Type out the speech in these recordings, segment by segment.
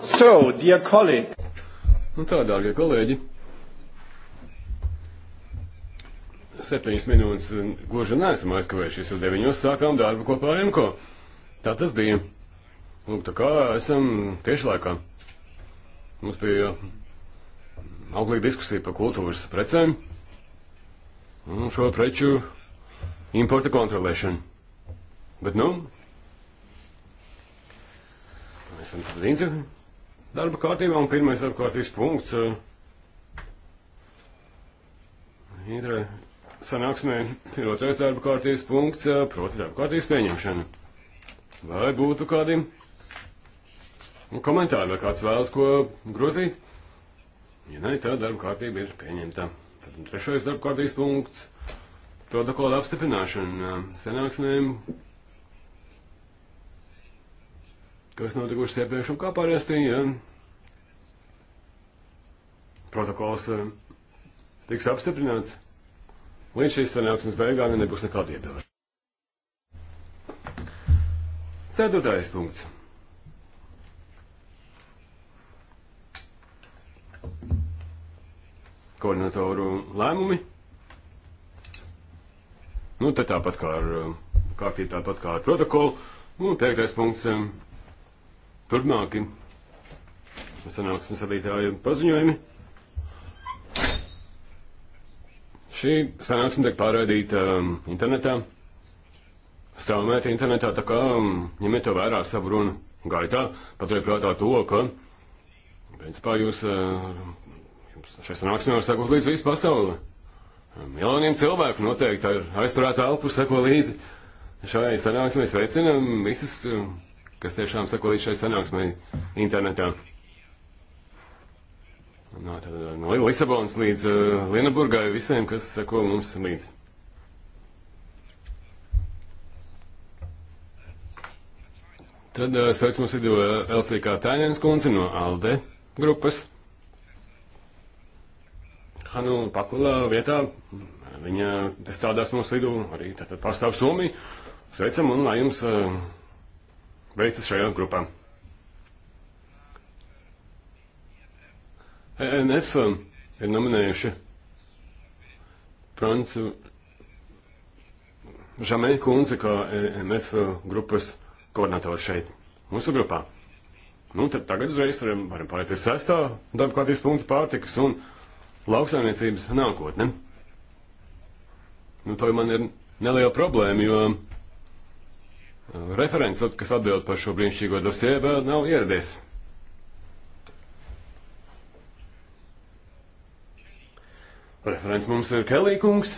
So, dear colleague. Nu tā, dārgie kolēģi. Septiņas minūtes gluži neesam aizkavējušies, jo deviņos sākām darbu kopā ar MKO. Tā tas bija. Lūk, tā kā esam tieši laikā. Mums bija auglīga diskusija par kultūras precēm un šo preču importa kontrolēšanu. Bet nu, Esam tad rīdzi darba kārtībā un pirmais darba kārtības punkts. Eh, Indra sanāksmē ir otrais darba kārtības punkts, eh, proti darba kārtības pieņemšana. Vai būtu kādi komentāri, vai kāds vēlas ko grozīt? Ja nē, tad darba kārtība ir pieņemta. Tad trešais darba kārtības punkts. Protokola apstiprināšana eh, sanāksmēm kas notikušas iepriekš un kā parasti. Ja? Protokols eh, tiks apstiprināts. Līdz šīs sanāksmes beigām nebūs nekāda iebilža. Ceturtais punkts. Koordinatoru lēmumi. Nu, te tāpat kā ar, eh, kā tāpat kā ar protokolu. Nu, piektais punkts. Um, turpmāki sanāksmes vadītāju paziņojumi. Šī sanāksme tiek pārraidīta um, internetā, stāvmēta internetā, tā kā um, ņemiet to vērā savu runu gaitā, paturiet prātā to, ka, principā, jūs, uh, jums šai sanāksmē var sekot līdz visu pasauli. Um, miljoniem cilvēku noteikti ar aizturētu elpu seko līdzi. Šai sanāksmē sveicinam visus. Uh, kas tiešām sako līdz šai sanāksmai internetā. No, tad, eh, no Lisabonas līdz uh, eh, Lienaburgai visiem, kas sako mums līdzi. Tad uh, sveic mums vidū LCK Tainēns kundze no ALDE grupas. Hanu Pakulā vietā, viņa strādās mūsu vidū, arī tātad pārstāv Somiju. Sveicam un lai jums uh, veicas šajām grupām. E um, ENF ir nominējuši Francu Žamei kundzi kā EMF uh, grupas koordinatoru šeit, mūsu grupā. Nu, tad tagad uzreiz varam, varam pārēt pie sestā darba kārtības punkta pārtikas un lauksaimniecības nākotne. Nu, to man ir neliela problēma, jo referents, kas atbild par šo brīnišķīgo dosie, vēl nav ieradies. Referents mums ir Kelīkungs.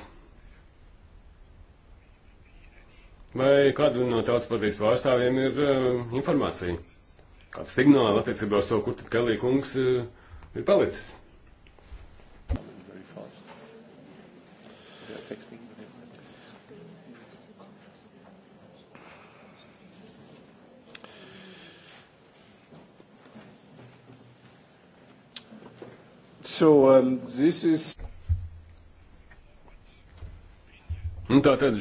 Vai kādu no tautas partijas pārstāvjiem ir uh, informācija? Kāds signāli attiecībā uz to, kur tad Kelīkungs uh, eh, ir palicis? So, um, this is. Un nu, tā tad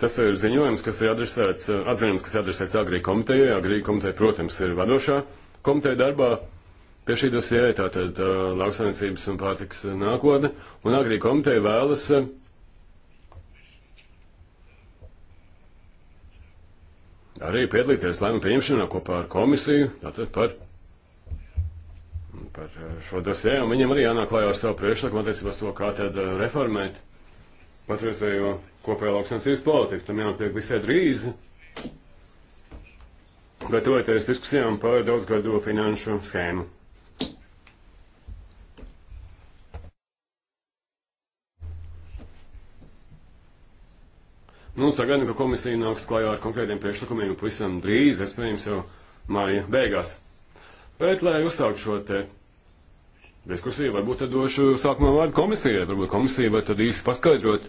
tas ir ziņojums, kas ir adresēts, uh, atzinums, kas ir adresēts Agrī komitejai. Agrī komiteja, protams, ir vadošā komiteja darbā pie šī dosijai, tātad uh, lauksainicības un pārtiks uh, nākotne. Un Agrī komiteja vēlas. Uh, arī piedalīties lēmumu pieņemšanā kopā ar komisiju, tātad par par eh, šo dosē, un viņam arī jānāk klājā ar savu priekšlikumu attiecībā uz to, kā tad eh, reformēt patreizējo kopējo lauksansības politiku. Tam jānotiek visai drīz. Gatavoties diskusijām par daudzgadu finanšu schēmu. Nu, sagaidu, ka komisija nāks klajā ar konkrētiem priekšlikumiem pavisam drīz, iespējams jau māja beigās. Bet, lai uzsāktu šo te diskusiju. Varbūt tad došu sākumā vārdu komisijai. Varbūt komisija var tad īsti paskaidrot,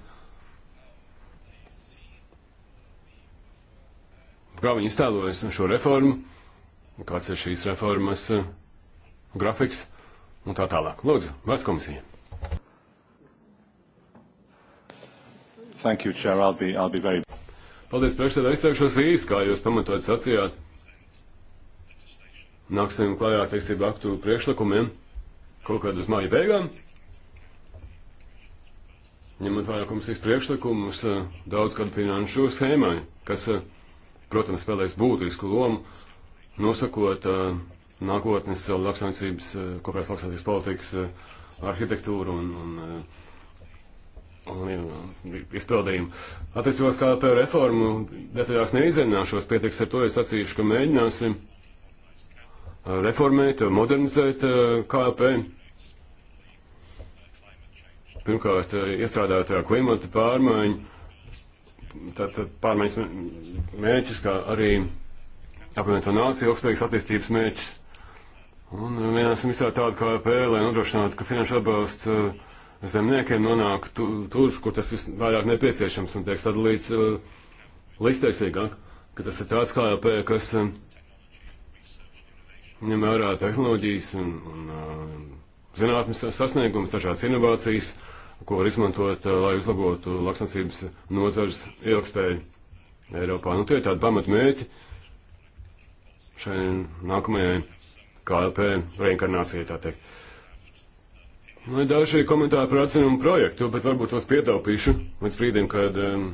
kā viņi iztēlojas šo reformu, kāds ir šīs reformas uh, grafiks un tā tālāk. Lūdzu, vārds komisija. Thank you, Chair. I'll be, I'll be very... Paldies, priekšsēdā. Izteikšos īsti, kā jūs pamatot sacījāt. Nāksim klājā tekstību aktu priekšlikumiem kaut kad uz māju beigām. Ņemot vērā komisijas priekšlikumus eh, daudz kādu finanšu schēmai, kas, eh, protams, spēlēs būtisku lomu, nosakot eh, nākotnes lauksaimniecības, kopējās lauksaimniecības politikas arhitektūru un, un izpildījumu. Attiecībās kā par reformu detaļās neizrunāšos, pietiks ar to, es atcīšu, ka mēģināsim reformēt, modernizēt eh, KLP. Pirmkārt, eh, iestrādāt eh, klimata pārmaiņu, tātad pārmaiņas mērķis, kā arī apvienoto nāciju ilgspējīgas attīstības mērķis. Un mēģināsim izstrādāt tādu KLP, lai nodrošinātu, ka finanšu atbalsts zemniekiem nonāk tu, tur, kur tas visvairāk nepieciešams un tiek sadalīts līdztaisīgāk, ka tas ir tāds KLP, kas ņem vērā tehnoloģijas un, un uh, zinātnes sasniegumus, dažādas inovācijas, ko var izmantot, uh, lai uzlabotu lauksansības nozars ilgspēju Eiropā. Nu, tie ir tādi pamatmērķi šai nākamajai KLP reinkarnācijai, tā teikt. Nu, ir daži komentāri par atzinumu projektu, bet varbūt tos pietaupīšu līdz brīdim, kad um,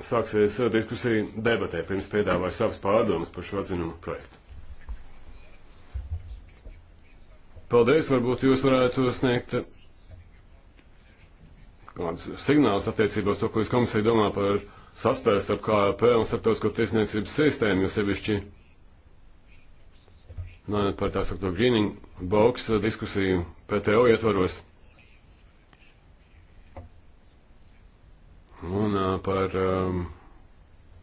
sāksies eh, diskusija debatē, pirms piedāvāju savas pārdomas par šo atzinumu projektu. Paldies, varbūt jūs varētu sniegt eh, kādus signālus attiecībos to, ko jūs komisija domā par saspēst ar KLP un starptautisko tiesniecības sistēmu, jo sevišķi nā, par tā sakto greening box eh, diskusiju PTO ietvaros. un par um,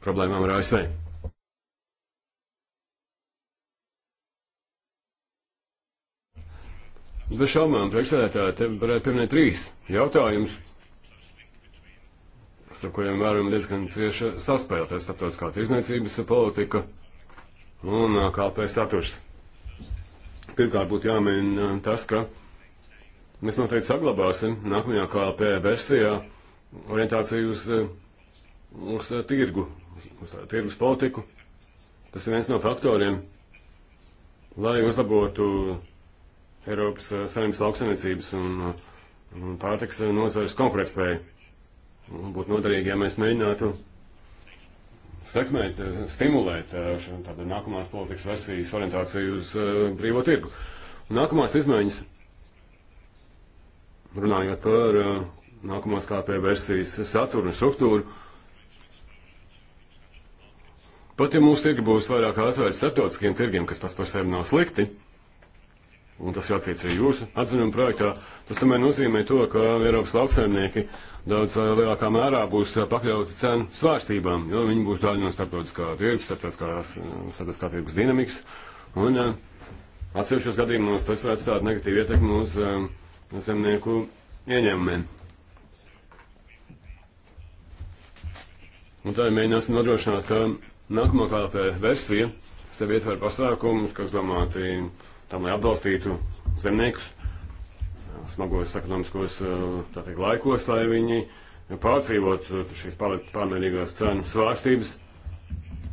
problēmām ar ASV. Bez šaubām, priekšsēdētāji, te varētu pieminēt trīs jautājumus, starp kuriem vērojam diezgan cieša saspēle, tā starptautiskā tirzniecības politika un KP status. Pirmkārt būtu jāmin tas, ka mēs noteikti saglabāsim nākamajā KLP versijā orientāciju uz, eh, uz eh, tirgu, uz tirgus politiku. Tas ir viens no faktoriem, lai uzlabotu Eiropas eh, saimnes lauksaimniecības un, un pārtiks nozares konkurētspēju. Būtu noderīgi, ja mēs mēģinātu sekmēt, stimulēt šo tādu nākamās politikas versijas orientāciju uz brīvo tirgu. Un nākamās izmaiņas, runājot par nākamās KP versijas saturu un struktūru. Pat ja mūsu tirgi būs vairāk atvērti starptautiskiem tirgiem, kas pats par sevi nav slikti, un tas jācīts arī jūsu atzinuma projektā, tas tomēr nozīmē to, ka Eiropas lauksaimnieki daudz lielākā mērā būs pakļauti cenu svārstībām, jo viņi būs daļa no starptautiskā tirgus, starptautiskās eh, starptautiskā tirgus dinamikas, un eh, atsevišķos gadījumos tas varētu stāt negatīvu ietekmi uz eh, zemnieku ieņēmumiem. Un tā ir mēģināsim nodrošināt, ka nākamā kāpē versija sev ietver pasākumus, kas domāti tam, lai atbalstītu zemniekus smagos ekonomiskos teikt, laikos, lai viņi pārdzīvot šīs pārmērīgās cenu svārstības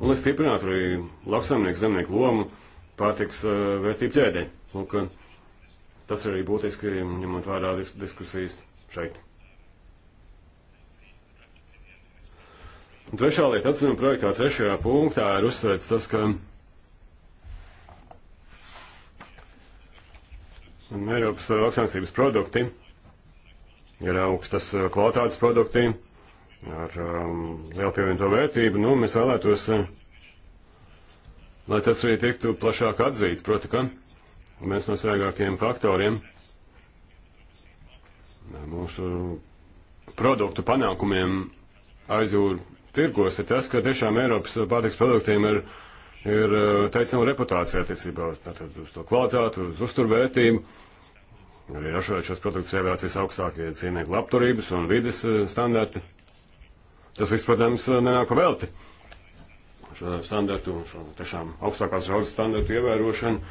un lai stiprinātu arī lauksaimnieku zemnieku lomu pārtiks vērtību ķēdē. Lūk, tas arī būtiski ņemot vērā diskusijas šeit. Un trešā lieta, atzinuma projektā trešajā punktā ir uzsvērts tas, ka Eiropas lauksainsības produkti ir augstas kvalitātes produkti ar um, lielu pievienoto vērtību. Nu, mēs vēlētos, eh, lai tas arī tiktu plašāk atzīts, proti, ka viens no svarīgākajiem faktoriem mūsu produktu panākumiem aizjūra tirgos, ir tas, ka tiešām Eiropas pārtiks produktiem ir, ir eh, teicama reputācija attiecībā uz to kvalitāti, uz uzturvērtību. Arī ražojot šos produktus ievērot visaugstākie dzīvnieku labturības un vides eh, standarti. Tas viss, protams, eh, nenāk velti. Šo standartu, šo tiešām augstākās raudas standartu ievērošanu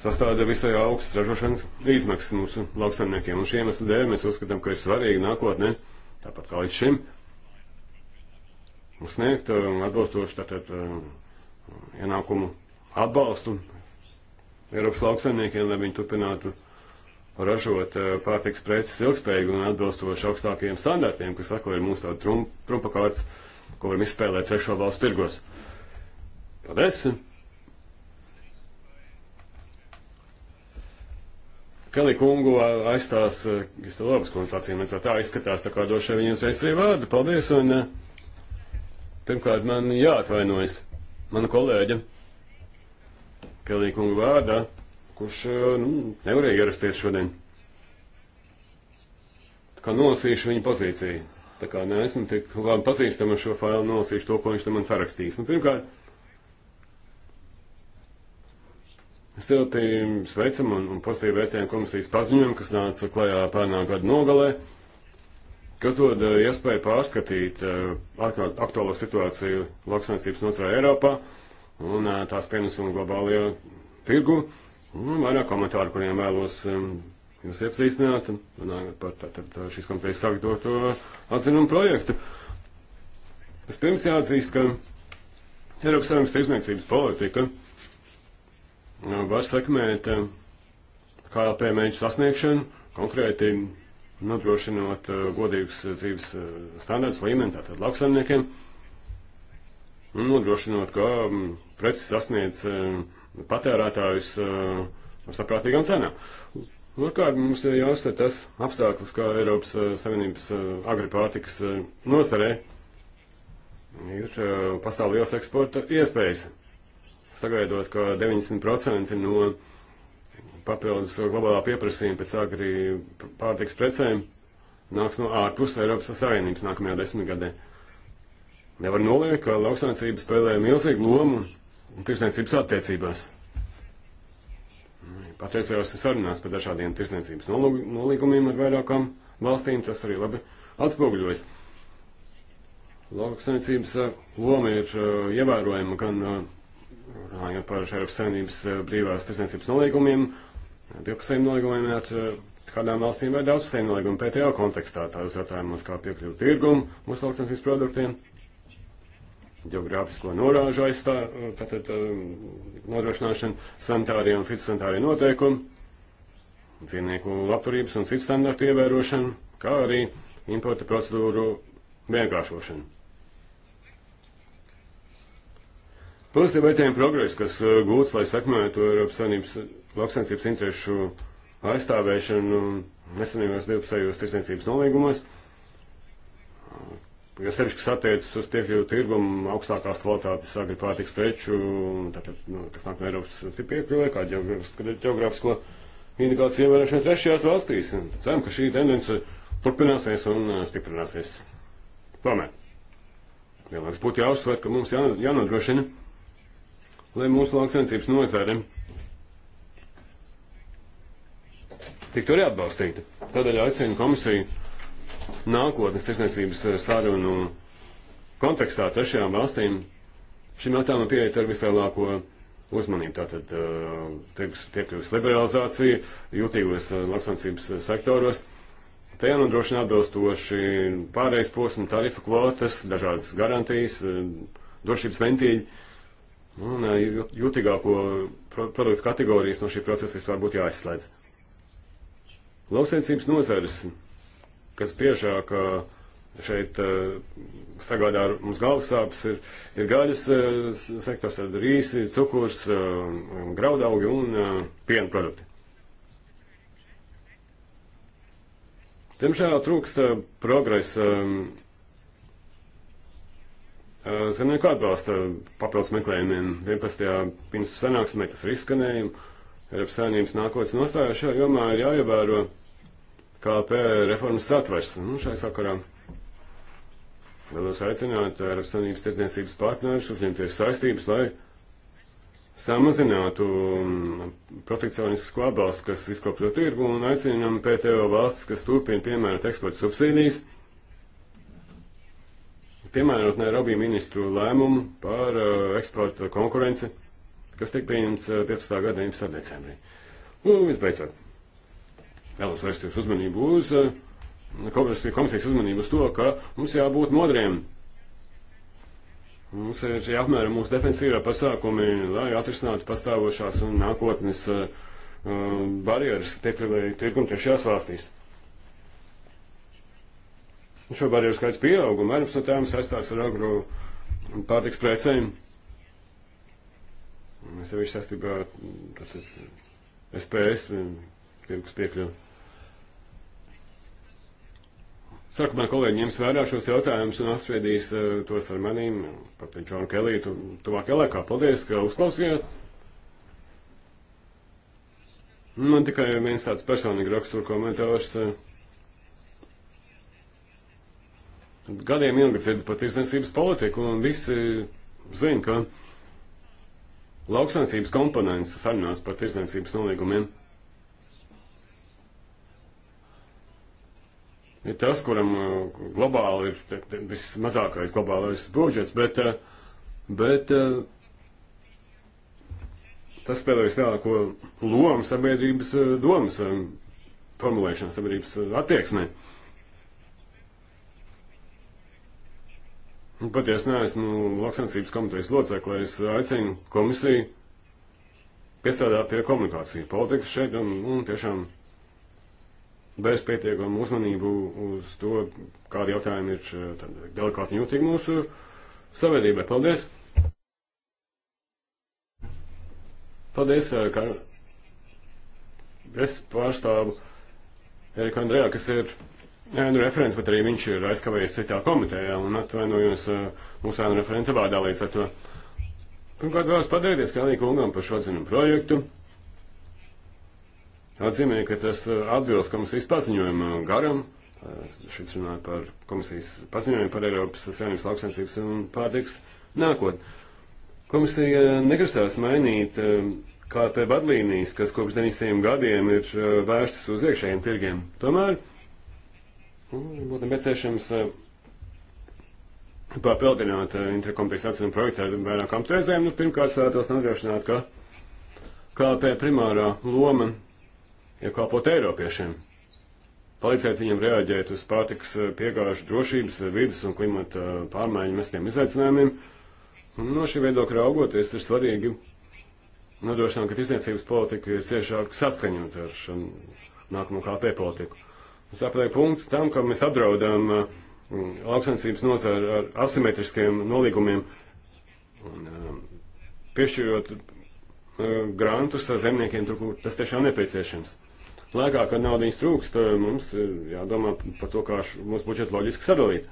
sastāda visai augstas ražošanas izmaksas mūsu lauksaimniekiem. Un šiem iemeslu dēļ mēs uzskatām, ka ir svarīgi nākotnē, tāpat kā līdz šim, sniegt eh, atbilstoši tātad eh, ienākumu atbalstu Eiropas lauksaimniekiem, lai viņi turpinātu ražot eh, pārtiks preces ilgspējīgi un atbilstoši augstākajiem standartiem, kas atkal ir mūsu tāda trum, trumpakārts, ko varam izspēlēt trešo valstu tirgos. Paldies! Kelly kungu aizstās, es te labas konstatācijas, mēs vēl tā izskatās, tā kā došu viņiem uzreiz arī vārdu. Paldies! Un, uh, Pirmkārt, man jāatvainojas mana kolēģa Kelija kunga vārdā, kurš eh, nu, nevarēja ierasties šodien. Tā kā nolasīšu viņa pozīciju. Tā kā neesmu tik labi pazīstama ar šo failu, nolasīšu to, ko viņš te man sarakstīs. Nu, pirmkārt, es ļoti sveicam un, un pozitīvi vērtējumu komisijas paziņojumu, kas nāca klajā pērnā gada nogalē. Uh, kas dod eh, iespēju pārskatīt eh, aktuālo situāciju lauksaimniecības nozarē Eiropā un eh, tās pienesumu globālajā tirgu. Un nu, vairāk komentāru, kuriem vēlos jūs iepazīstināt, runājot par tā, tā, tā, šīs komitejas sagatavoto atzinumu projektu. Vispirms jāatzīst, ka Eiropas Savienības tirzniecības politika var sekmēt KLP mēģu sasniegšanu, konkrēti nodrošinot eh, godīgus eh, dzīves eh, standartus līmeni, tātad lauksaimniekiem, un nodrošinot, ka mm, preces sasniedz patērētājus ar saprātīgām cenām. Turklāt mums ir jāuzsver tas apstākļus, kā Eiropas Savienības agripārtikas nozarē ir pastāv liels eksporta iespējas. Sagaidot, ka 90% no papildus globālā pieprasījuma pēc agri pārtiks precēm nāks no ārpus Eiropas Savienības nākamajā desmitgadē. Nevar noliekt, ka lauksaimniecība spēlē milzīgu lomu tirsniecības attiecībās. Patreizējos ir sarunās par dažādiem tirsniecības nolīgumiem ar vairākām valstīm, tas arī labi atspoguļojas. Lauksaimniecības eh, loma ir eh, ievērojama gan eh, runājot par Eiropas Savienības brīvās tirsniecības nolīgumiem, divpusējiem nolīgumiem ar eh, kādām valstīm vai daudzpusējiem nolīgumiem PTO kontekstā, tādos jautājumos kā piekļuvu tirgumu mūsu lauksnesības produktiem, geogrāfisko norāžu aizstā, eh, tātad eh, nodrošināšanu, sanitārie un fitosanitārie noteikumi, dzīvnieku labturības un citu standartu ievērošanu, kā arī importa procedūru vienkāršošanu. Pozitīvi vērtējumi progresu, kas gūts, lai sekmētu Eiropas Savienības lauksaimniecības interesu aizstāvēšanu nesenajos divpusējos tirsniecības nolīgumos, jo sevišķi, kas attiecas uz piekļuvu tirgumu augstākās kvalitātes agri pārtiks preču, tātad, nu, kas nāk no Eiropas piekļuvē, kā geogrāfisko indikāciju ievērošana trešajās valstīs. Ceram, ka šī tendence turpināsies un uh, stiprināsies. Tomēr. Vienlaiks būtu jāuzsver, ka mums jā, jānodrošina, lai mūsu lauksainsības nozare tiktu arī atbalstīta. Tādēļ aicinu komisiju nākotnes tirsniecības eh, sarunu kontekstā trešajām valstīm šim jautājumam pieiet ar vislielāko uzmanību. Tātad eh, tiekļuvis liberalizācija jūtīgos eh, lauksansības sektoros. Te jānodrošina atbilstoši pārējais posms, tarifu kvotas, dažādas garantijas, drošības ventīļi. Un jūtīgāko produktu kategorijas no šī procesa vispār būtu jāizslēdz. Lauksainicības nozares, kas biežāk uh, šeit uh, sagādā mums galvasāpes, ir, ir gaļas uh, sektors, tad rīsi, cukurs, graudaugi un piena produkti. Diemžēl trūkst progresa um, zemnieku atbalsta papildus meklējumiem. 11. pirms sanāksmē tas ir izskanējums Eiropas saimnības nākotnes nostājā šajā jomā ir jāievēro KLP reformas satvers. Nu, šai sakarā vēlos aicināt Eiropas saimnības tirdzniecības partnerus uzņemties saistības, lai samazinātu um, protekcionistisku atbalstu, kas izkopļo tirgu, un aicinām PTO valstis, kas turpina piemērot eksporta subsīdijas, piemērot Nairobi ministru lēmumu par uh, eksporta konkurenci kas tika pieņemts 15. Eh, gada 19. decembrī. Un nu, visbeidzot, vēlos vērst jūsu uzmanību eh, uz komisijas uzmanību uz to, ka mums jābūt modriem. Mums ir jāapmēram mūsu defensīvā pasākumi, lai atrisinātu pastāvošās un nākotnes uh, barjeras piekļuvēju tirgumu tiešās valstīs. Šo barjeru skaits pieauguma, vairums no tām saistās ar agro pārtiks precēm. Mēs jau viņš sastībā SPS tirgus piekļuvu. Sākumā kolēģi ņems vērā šos jautājumus un apspriedīs uh, tos ar manīm, pat ar Džonu Keliju, tu, tuvākajā laikā. Paldies, ka uzklausījāt. Man tikai viens tāds personīgi rakstur komentārs. Eh. Gadiem ilgi dzirdu pat iznesības politiku un visi eh, zina, ka lauksaimniecības komponents sarunās par tirdzniecības nolīgumiem. Ir tas, kuram uh, globāli ir vismazākais globālais budžets, bet, uh, bet uh, tas spēlēs tālāko lomu sabiedrības domas um, formulēšanā, sabiedrības attieksmē. Nu, Paties neesmu lauksensības komitejas locekle, es aicinu komisiju piestrādāt pie komunikāciju politikas šeit un, un tiešām vērst pietiekumu uzmanību uz to, kādi jautājumi ir tad, delikāti un jūtīgi mūsu sabiedrībai. Paldies! Paldies, eh, ka es pārstāvu Eriku Andrejā, kas ir ēnu referents, bet arī viņš ir aizkavējies citā komitejā un atvainojos mūsu ēnu referenta vārdā līdz ar to. Pirmkārt, vēlos pateikties Kalī kungam par šo atzinumu projektu. Atzīmē, ka tas atbilst komisijas paziņojuma garam. Šis runāja par komisijas paziņojumu par Eiropas Savienības lauksainsības un pārtiks nākotni. Komisija negrasās mainīt KLP vadlīnijas, kas kopš 90. gadiem ir vērstas uz iekšējiem tirgiem. Tomēr Nu, Būtu nepieciešams eh, papildināt eh, interkomitejas atsevišķu projektu vairākām tēzēm. Nu, pirmkārt, vēlētos nodrošināt, ka KLP primārā loma ir kalpot Eiropiešiem, palīdzēt viņiem reaģēt uz pārtiks eh, piegāžu drošības, vidas un klimata pārmaiņu mestiem izaicinājumiem. Un no šī viedokļa raugoties, ir svarīgi nodrošināt, ka tirsniecības politika ir ciešāk saskaņot ar nākamo KLP politiku. Mums jāpaliek punkts tam, ka mēs apdraudām uh, lauksainsības nozaru ar asimetriskiem nolīgumiem, un, um, piešķirot uh, grantus zemniekiem tur, kur tas tiešām nepieciešams. Laikā, kad naudas trūkst, uh, mums ir jādomā par to, kā mūsu budžetu loģiski sadalīt.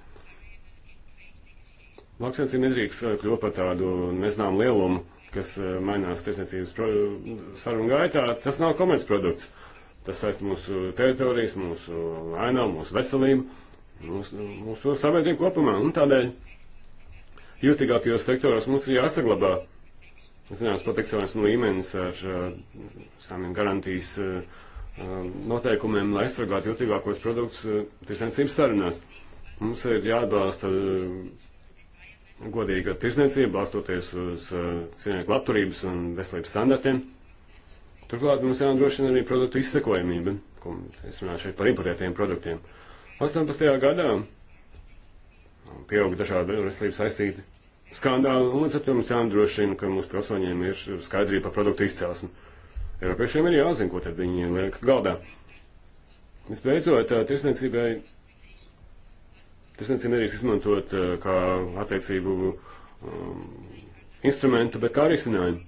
Lauksainsība nedrīkst kļūt par tādu nezināmu lielumu, kas mainās tiesniecības sarunu gaitā. Tas nav komercprodukts. produkts. Tas saist mūsu teritorijas, mūsu ainavu, mūsu veselību, mūsu, mūsu sabiedrību kopumā. Un tādēļ jūtīgākajos sektoros mums ir jāsaglabā zināms protekcionismu līmenis ar eh, saviem garantijas eh, noteikumiem, lai aizsargātu jūtīgākos produktus eh, tirsniecības sarunās. Mums ir jāatbalsta godīga tirsniecība, balstoties uz cilvēku labturības un veselības standartiem. Turklāt mums jānodrošina arī produktu izsekojamība, ko es runāju šeit par importētiem produktiem. 18. gadā pieauga dažādi veselības saistīti skandāli, un līdz ar to mums jānodrošina, ka mūsu pilsoņiem ir skaidrība par produktu izcelsmi. Eiropiešiem ir jāzina, ko tad viņi liek galdā. Visbeidzot, tirsniecībai tirsniecība nedrīkst izmantot kā attiecību um, instrumentu, bet kā risinājumu.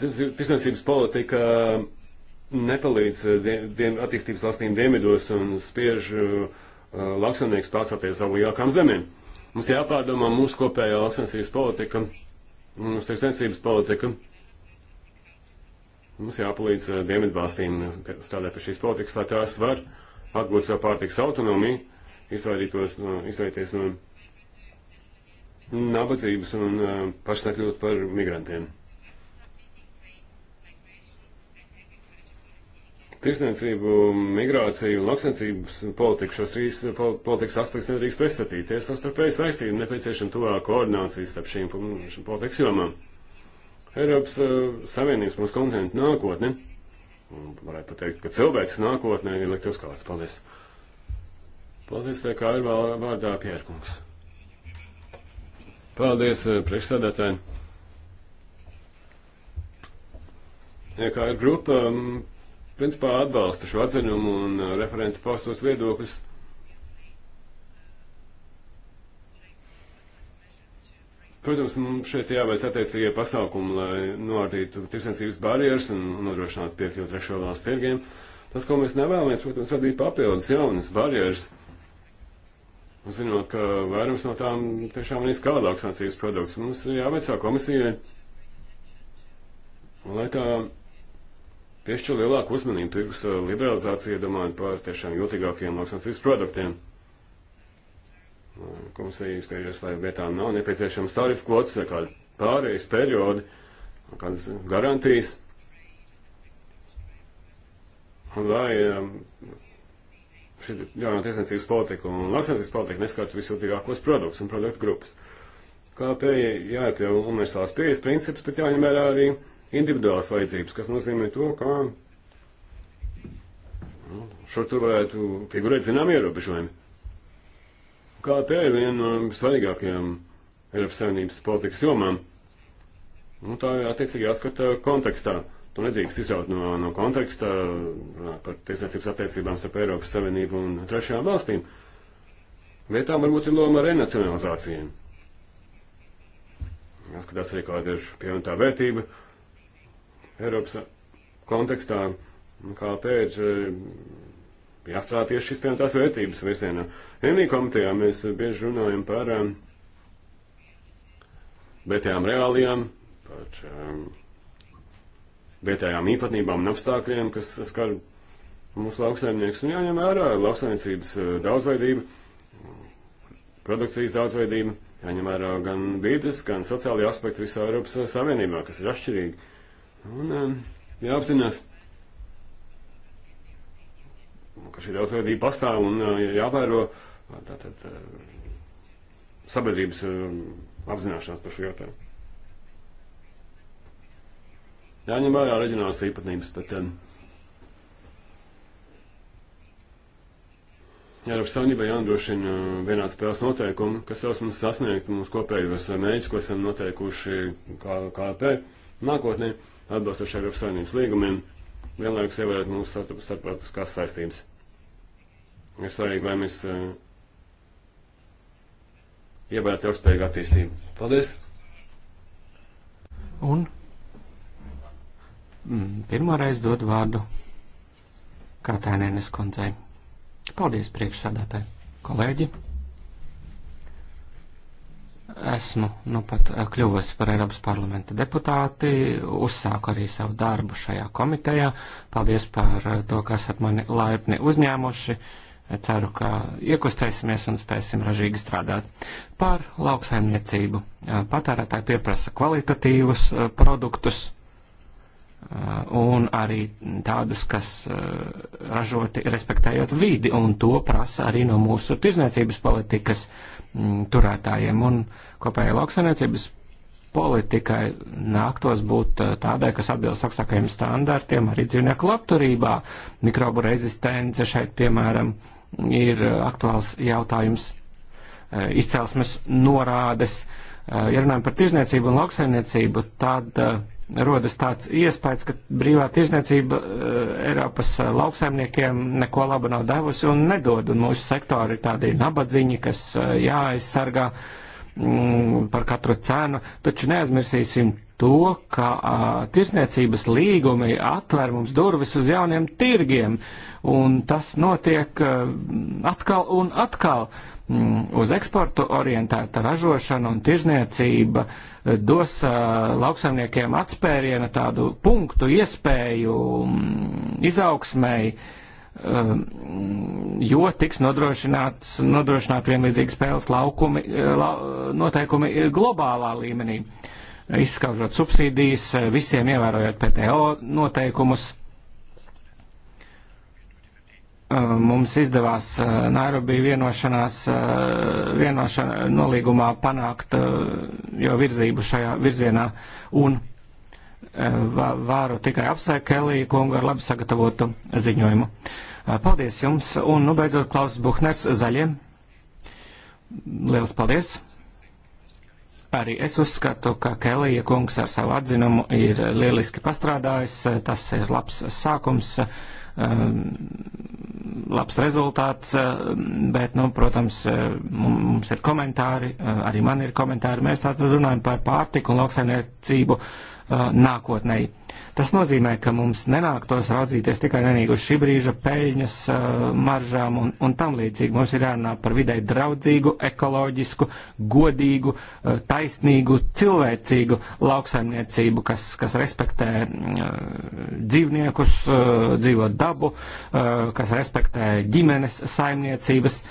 tirsniecības politika nepalīdz eh, dien, dien, attīstības valstīm dienvidos un spiež uh, lauksaimnieks pārcelties uz lielākām zemēm. Mums jāpārdomā mūsu kopējā lauksaimniecības politika, mūsu tirsniecības politika. Mums jāpalīdz uh, dienvidvalstīm strādāt pie šīs politikas, lai tās var atgūt savu pārtiks autonomiju, izvairītos, no, izvairīties no nabadzības un uh, paši nekļūt par migrantiem. tirsniecību, migrāciju un lauksniecības politiku šos trīs politikas aspektus nedrīkst pretstatīties, un starpēji saistību nepieciešama tuvāk koordinācijas starp šīm politikas jomām. Eiropas uh, Savienības mūsu kontinentu nākotne, un varētu pateikt, ka cilvēks nākotnē ir likt uzkalts. Paldies! Paldies, tā kā ir vārdā Pierkungs. Paldies, uh, priekšstādātāji! Ja kā ir grupa um, principā atbalsta šo atziņumu un uh, referentu paustos viedokļus. Protams, mums šeit jāveic attiecīgie pasākumi, lai noardītu tirsniecības barjeras un nodrošinātu piekļuvu trešo valstu tirgiem. Tas, ko mēs nevēlamies, protams, radīt papildus jaunas barjeras, zinot, ka vairums no tām tiešām ir skādāks sankcijas produkts. Mums ir jāveicā komisijai, lai tā piešķir lielāku uzmanību tirgus eh, liberalizācijai, domājot par tiešām jūtīgākiem lauksnes produktiem. Eh, komisija skaidrs, vai vietām nav nepieciešams tarifu kvots, vai kādi pārējais periodi, kādas garantijas. Lai eh, šī jaunā tiesniecības politika un lauksnes politika neskārtu visjūtīgākos produktus un produktu grupas. KP jāiekļauj universālās pieejas princips, bet jāņem vērā arī. arī individuālas vajadzības, kas nozīmē to, ka nu, šur tur varētu figurēt zinām ierobežojumi. KLP ir viena no svarīgākajām Eiropas Savienības politikas jomām. Nu, tā ir attiecīgi jāskata kontekstā. To nedrīkst izraut no, no konteksta, runāt par tiesniecības attiecībām starp Eiropas Savienību un trešajām valstīm. Vietām varbūt ir loma renacionalizācijai. Jāskatās arī, kāda ir pievienotā vērtība Eiropas kontekstā KLP ir jāstrādā tieši šis pienotās vērtības virzienā. Enī komitejā mēs bieži runājam par um, vietējām reālijām, par um, vietējām īpatnībām un apstākļiem, kas skar mūsu lauksaimnieks. Un jāņem vērā lauksaimniecības uh, daudzveidība, produkcijas daudzveidība, jāņem vērā gan vides, gan sociālajie aspekti visā Eiropas Savienībā, kas ir atšķirīgi. Un um, jāapzinās, ka šī daudzveidība pastāv un uh, jāvēro tātad uh, sabiedrības um, apzināšanās par šo jautājumu. Jāņem vērā reģionālās īpatnības, bet um, Eiropas Savienībai jānodrošina uh, vienāds spēles noteikumi, kas ļaus mums sasniegt mūsu kopējos mērķus, ko esam noteikuši KLP nākotnē. Kā atbilstoši Eiropas Savienības līgumiem, vienlaikus ievērot mūsu starptautiskās saistības. Ir svarīgi, lai mēs uh, ievērtu ilgspējīgu attīstību. Paldies! Un mm, pirmoreiz dod vārdu Katēnēnes kundzei. Paldies priekšsādātāji, kolēģi! Esmu nu pat eh, kļuvusi par Eiropas parlamenta deputāti, uzsāku arī savu darbu šajā komitejā. Paldies par eh, to, kas esat mani laipni uzņēmuši. Eh, ceru, ka iekustēsimies un spēsim ražīgi strādāt. Par lauksaimniecību. Patērētāji pieprasa kvalitatīvus produktus un arī tādus, kas ražoti respektējot vidi, un to prasa arī no mūsu tirzniecības politikas. Uh, Mm, turētājiem un kopējai lauksainiecības politikai nāktos būt eh, tādai, kas atbilst augstākajiem standartiem arī dzīvnieku labturībā. Mikrobu rezistence šeit, piemēram, ir eh, aktuāls jautājums eh, izcelsmes norādes. Ja runājam par tirzniecību un lauksainiecību, tad uh, rodas tāds iespējas, ka brīvā tirzniecība eh, Eiropas eh, lauksaimniekiem neko labu nav devusi un nedod, un mūsu sektori ir tādi nabadzīņi, kas eh, jāaizsargā mm, par katru cenu, taču neaizmirsīsim to, ka tirsniecības līgumi atver mums durvis uz jauniem tirgiem, un tas notiek atkal un atkal mm, uz eksportu orientēta ražošana un tirzniecība. Uh, dos lauksaimniekiem atspēriena tādu punktu, iespēju mm, izaugsmēji, jo tiks nodrošināts, nodrošināt vienlīdzīgi spēles laukumi, la, noteikumi globālā līmenī, izskaužot subsīdijas, visiem ievērojot PTO noteikumus Uh, mums izdevās uh, Nairobi vienošanās, uh, vienošana nolīgumā panākt jau virzību šajā virzienā un varu tikai apsveikt Kelly kungu ar labi sagatavotu ziņojumu. Paldies jums un, nu, beidzot, Klaus Buhners zaļiem. Liels paldies! Arī es uzskatu, ka Kelija kungs ar savu atzinumu ir lieliski pastrādājis. Tas ir labs sākums. Uh, Ehm, labs rezultāts, ehm, bet, nu, protams, ehm, mums ir komentāri, arī man ir komentāri. Mēs tātad runājam par pārtiku un lauksaimniecību nākotnēji. Tas nozīmē, ka mums nenāktos raudzīties tikai vienīgi uz šī brīža peļņas maržām un, un tam līdzīgi. Mums ir jārunā par vidē draudzīgu, ekoloģisku, godīgu, taisnīgu, cilvēcīgu lauksaimniecību, kas, kas respektē dzīvniekus, dzīvo dabu, kas respektē ģimenes saimniecības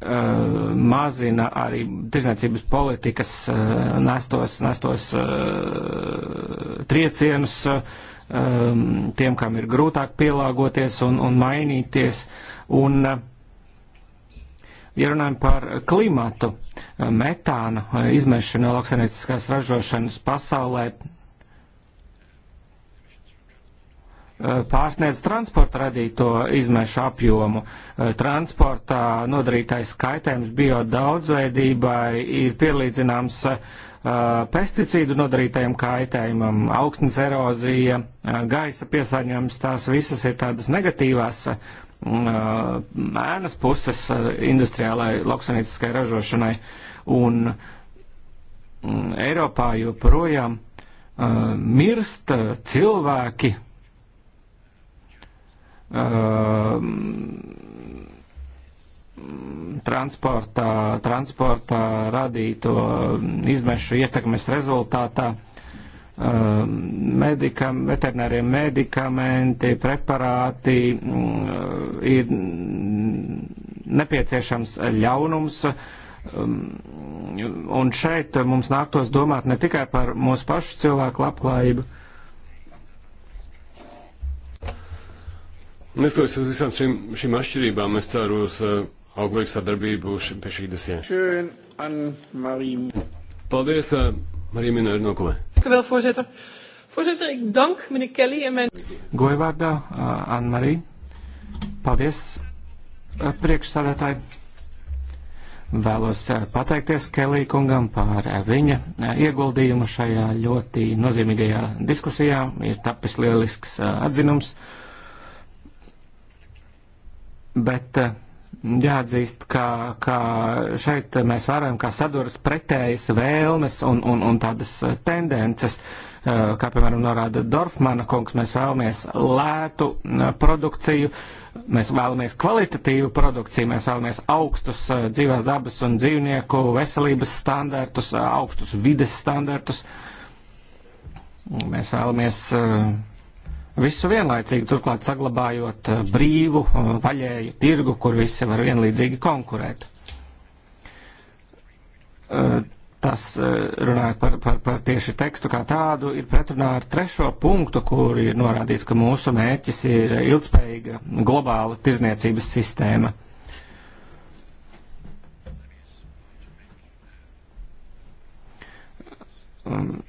Uh, mazina arī tirzniecības politikas uh, nestos, nestos uh, triecienus um, tiem, kam ir grūtāk pielāgoties un, un mainīties. Un, ja runājam par klimatu, metāna izmešana lauksainieciskās ražošanas pasaulē Eh, pārsniedz transporta radīto izmešu apjomu. Eh, transportā nodarītais kaitējums bio daudzveidībai ir pielīdzināms eh, pesticīdu nodarītajam kaitējumam, augstnes erozija, gaisa piesaņojums, tās visas ir tādas negatīvās ēnas puses industriālai lauksanītiskai ražošanai. Un mm, Eiropā joprojām mirst cilvēki Ehm, transportā, transportā radīto izmešu ietekmes rezultātā ehm, medikam, veterinārie medikamenti, preparāti mm, ir nepieciešams ļaunums. Ehm, un šeit mums nāktos domāt ne tikai par mūsu pašu cilvēku labklājību, Neskatoties uz visām šīm, šīm atšķirībām, es ceru uz uh, auglīgu sadarbību ši, pie šī dosiem. Paldies, uh, Marija Minēra Nokulē. Vēl, voorzitter. Voorzitter, ik dank meneer Kelly en mijn... Goja vārdā, uh, eh, Anne-Marija. Paldies, uh, priekšstādātāji. Vēlos pateikties Kelī kungam par viņa ieguldījumu šajā ļoti nozīmīgajā diskusijā. Ir tapis lielisks atzinums. Uh, Bet eh, jāatzīst, ka, ka šeit mēs varam kā saduras pretējas vēlmes un, un, un tādas eh, tendences, eh, kā piemēram norāda Dorfmana kungs, mēs vēlamies lētu produkciju, mēs vēlamies kvalitatīvu produkciju, mēs vēlamies augstus dzīvās dabas un dzīvnieku veselības standartus, augstus vides standartus. Mēs vēlamies uh, Visu vienlaicīgi, turklāt saglabājot eh, brīvu, eh, vaļēju tirgu, kur visi var vienlīdzīgi konkurēt. Eh, tas, runājot par, par, par tieši tekstu kā tādu, ir pretrunā ar trešo punktu, kur ir norādīts, ka mūsu mērķis ir ilgspējīga globāla tirzniecības sistēma. Um,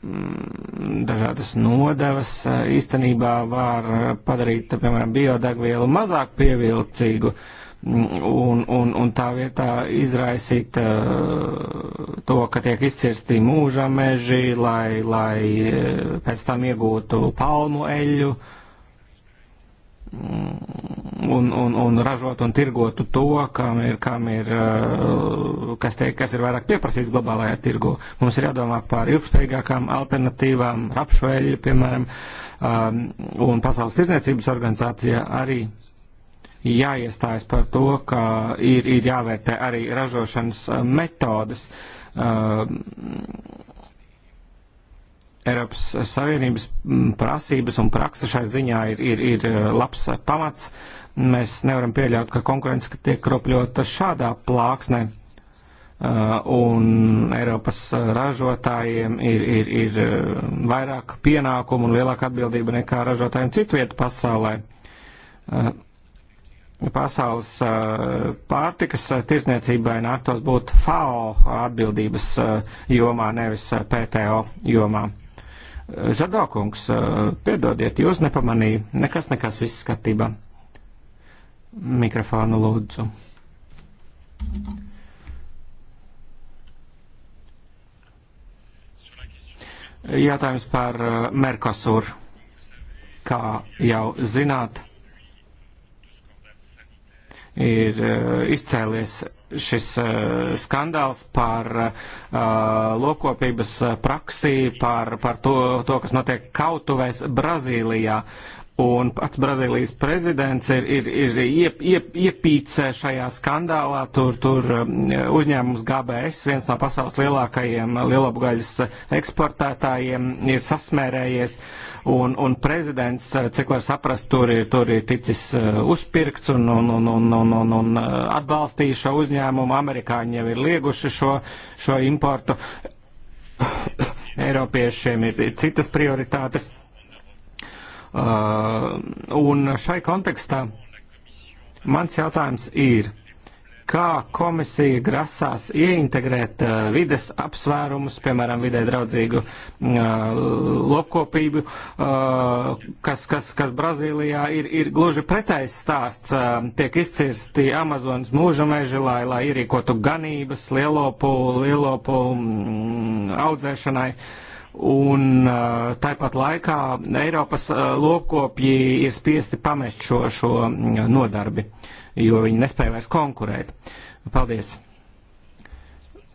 Mm, dažādas nodevas īstenībā var padarīt, piemēram, biodegvielu mazāk pievilcīgu mm, un, un, un tā vietā izraisīt to, ka tiek izcirsti mūža meži, lai, lai pēc tam iegūtu palmu eļu. Uh, un, un, un ražotu un tirgotu to, kam ir, kam ir, eh, kas, te, kas ir vairāk pieprasīts globālajā tirgu. Mums ir jādomā par ilgspējīgākām alternatīvām, rapšveļu, piemēram, um, un Pasaules tirdzniecības organizācija arī jāiestājas par to, ka ir, ir jāvērtē arī ražošanas eh, metodas. Uh, eh, Eiropas Savienības mm, prasības un praksa šai ziņā ir, ir, ir eh, labs pamats. Mēs nevaram pieļaut, ka konkurence tiek kropļota šādā plāksnē. Eh, un Eiropas eh, ražotājiem ir, ir, ir vairāk pienākumu un lielāka atbildība nekā ražotājiem citvietu pasaulē. Pasaules pārtikas tirzniecībai nāktos būt FAO atbildības jomā, nevis PTO jomā. Žadākungs, eh, piedodiet, jūs nepamanīju. Nekas, nekas, viss skatībā. Mikrofonu lūdzu. Jātājums par eh, Merkosur. Kā jau zināt, ir eh, izcēlies šis eh, skandāls par uh, lokopības praksi, par, par to, to, kas notiek kautuvēs Brazīlijā. Uh, Un pats Brazīlijas prezidents ir, ir, ir iep, iep, iepīcē šajā skandālā. Tur, tur um, uzņēmums GBS, viens no pasaules lielākajiem lielapgaļas eksportētājiem, ir sasmērējies. Un, un prezidents, cik var saprast, tur ir, tur ir ticis uh, uzpirkts un, un, un, un, un, un, un atbalstījis šo uzņēmumu. Amerikāņi jau ir lieguši šo, šo importu. Eiropiešiem ir citas prioritātes. Uh, un šai kontekstā mans jautājums ir, kā komisija grasās ieintegrēt uh, vides apsvērumus, piemēram, vidē draudzīgu uh, lopkopību, uh, kas, kas, kas Brazīlijā ir, ir gluži pretējs stāsts. Uh, tiek izcirsti Amazonas mūža meži, lai, lai ierīkotu ganības, lielopu, lielopu mm, audzēšanai. Uh, un uh, tāpat laikā Eiropas uh, lopkopji ir spiesti pamest šo, šo nodarbi, jo viņi nespēja vairs konkurēt. Paldies!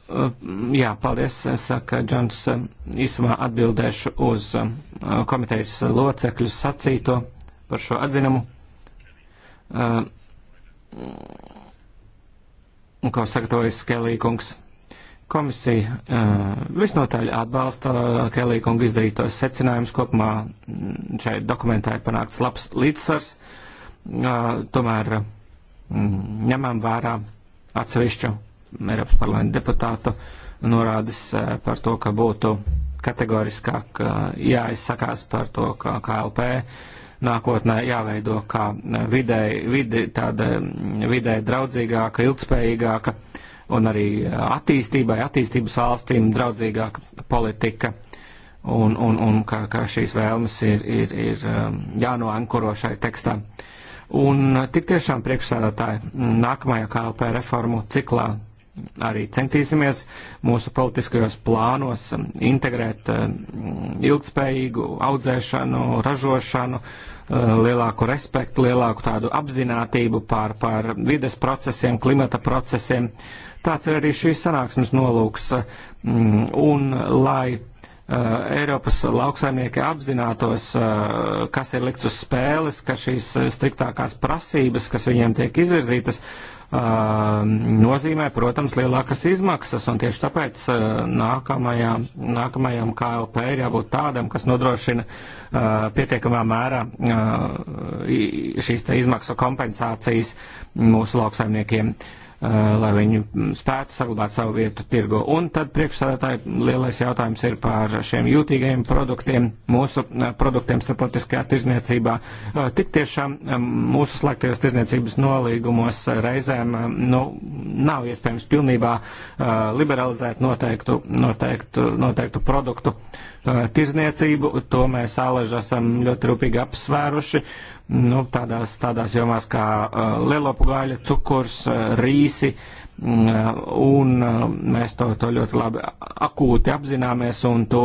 Uh, jā, paldies, saka Džons. Īsumā atbildēšu uz komitejas locekļu sacīto par šo atzinumu. Ko sagatavojas Skelī kungs? Komisija uh, visnotaļ atbalsta eh, Kelija kunga izdarītos secinājumus. Kopumā mm, šai dokumentā ir panākts labs līdzsvars, uh, tomēr uh, ņemam vērā atsevišķu Eiropas parlamenta deputātu norādes uh, par to, ka būtu kategoriskāk uh, jāizsakās par to, ka KLP nākotnē jāveido kā vidē, vide, tāda mm, vidē draudzīgāka, ilgspējīgāka. Uh, un arī attīstībai, attīstības valstīm draudzīgāka politika. Un, un, un kā, kā šīs vēlmes ir, ir, ir um, jānoankuro šai tekstā. Un tik tiešām priekšsēdētāji nākamajā KLP reformu ciklā arī centīsimies mūsu politiskajos plānos um, integrēt um, ilgspējīgu audzēšanu, ražošanu, uh, lielāku respektu, lielāku tādu apzinātību pār, pār vides procesiem, klimata procesiem. Tāds ir arī šīs sanāksmes nolūks. Mm, un lai uh, Eiropas lauksaimnieki apzinātos, uh, kas ir likts uz spēles, ka šīs striktākās prasības, kas viņiem tiek izvirzītas, uh, nozīmē, protams, lielākas izmaksas, un tieši tāpēc nākamajām, nākamajām KLP ir jābūt tādam, kas nodrošina pietiekamā mērā šīs izmaksu kompensācijas mūsu lauksaimniekiem. Uh, Uh, lai viņi spētu saglabāt savu vietu tirgu. Un tad priekšsādātāji lielais jautājums ir par šiem jūtīgajiem produktiem, mūsu uh, produktiem starptautiskajā tirzniecībā. Uh, tik tiešām um, mūsu slēgtajos tirzniecības nolīgumos reizēm um, nu, nav iespējams pilnībā liberalizēt noteiktu, noteiktu, noteiktu produktu tirzniecību. To mēs āleži esam ļoti rūpīgi apsvēruši. Uh, nu, tādās, tādās jomās kā lelopu gaļa, cukurs, rīsi, un mēs to, to ļoti labi akūti apzināmies un to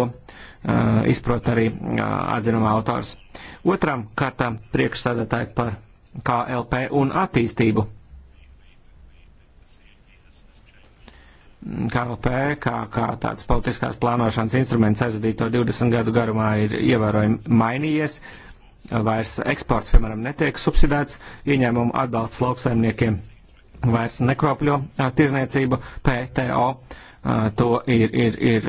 izprot arī atzinuma autors. Otram kārtām priekšstādātāji par KLP un attīstību. KLP kā, kā tāds politiskās plānošanas instruments aizvadīto 20 gadu garumā ir ievērojami mainījies. Uh, vairs eksports, piemēram, netiek subsidēts, ieņēmumu atbalsts lauksaimniekiem vairs nekropļo tirzniecība, PTO to ir, ir, ir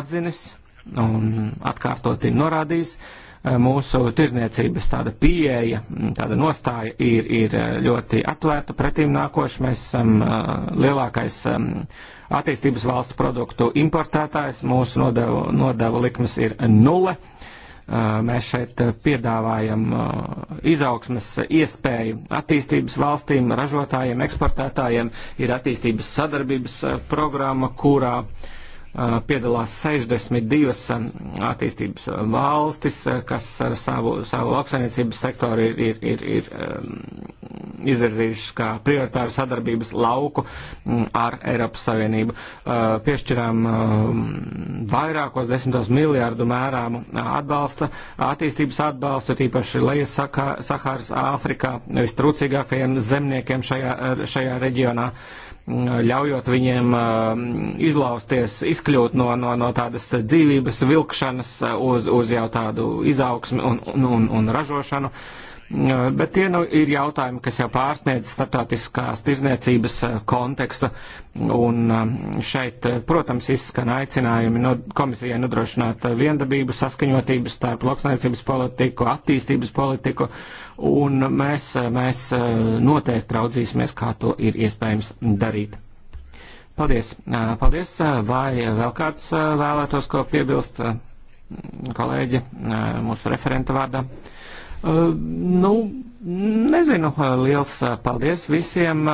atzinis un atkārtoti norādījis. Mūsu tirzniecības tāda pieeja, tāda nostāja ir, ir ļoti atvērta, pretīm nākoša. Mēs esam lielākais attīstības valstu produktu importētājs, mūsu nodevu, nodevu likmes ir nulle. Uh, Mēs šeit piedāvājam izaugsmes iespēju attīstības valstīm, ražotājiem, eksportētājiem. Ir attīstības sadarbības programma, kurā uh, Uh, piedalās 62 um, attīstības valstis, uh, kas ar savu, savu lauksainiecības sektoru ir, ir, ir, ir um, izvirzījušas kā prioritāru sadarbības lauku mm, ar Eiropas Savienību. Uh, piešķirām um, vairākos desmitos miljārdu mērām atbalsta, attīstības atbalstu, tīpaši Lejas Sahāras Āfrikā, vistrūcīgākajiem zemniekiem šajā, šajā reģionā ļaujot viņiem uh, izlausties, izkļūt no, no, no tādas dzīvības vilkšanas uh, uz, uz jau tādu izaugsmi un, un, un, un ražošanu. Uh, Bet tie nu, ir jautājumi, kas jau pārsniedz starptautiskās tirzniecības eh, kontekstu, un eh, šeit, eh, protams, izskan aicinājumi no komisijai nodrošināt viendabību, saskaņotību starp lauksnaicības politiku, attīstības politiku, un mēs, mēs noteikti raudzīsimies, kā to ir iespējams darīt. Paldies! Paldies! Vai vēl kāds vēlētos ko piebilst, kolēģi, mūsu referenta vārdā? Uh, nu, nezinu, uh, liels uh, paldies visiem.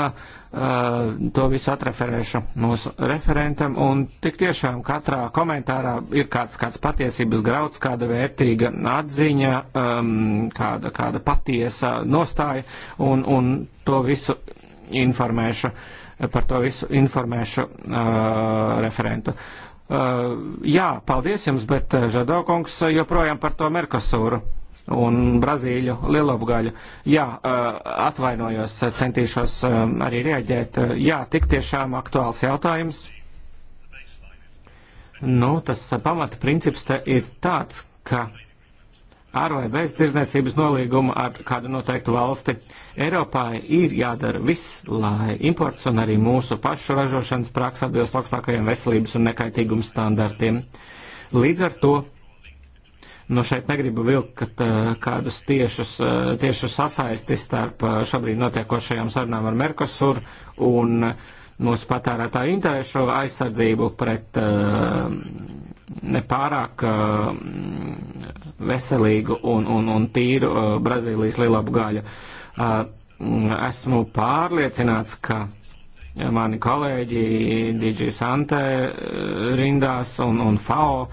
To visu atreferēšu mūsu referentam. Un tik tiešām katrā komentārā ir kāds, kāds patiesības grauds, kāda vērtīga atziņa, um, kāda, kāda patiesa nostāja. Un, un to visu informēšu, par to visu informēšu uh, referentu. Uh, jā, paldies jums, bet Žadokungs joprojām par to Merkosūru un brazīļu lielopgaļu. Jā, eh, atvainojos, centīšos eh, arī rēģēt. Eh, jā, tik tiešām aktuāls jautājums. Nu, tas pamata princips te ir tāds, ka ar vai bez tirzniecības nolīguma ar kādu noteiktu valsti. Eiropā ir jādara viss, lai imports un arī mūsu pašu ražošanas praksa atbilst augstākajiem veselības un nekaitīgums standartiem. Līdz ar to Nu, šeit negribu vilkt kādus tiešus, tiešus sasaistis starp šobrīd notiekošajām sarunām ar Merkosur un mūsu patērētāju interesu aizsardzību pret nepārāk veselīgu un, un, un tīru Brazīlijas lielapu gaļu. Esmu pārliecināts, ka mani kolēģi Digi Sante rindās un, un FAO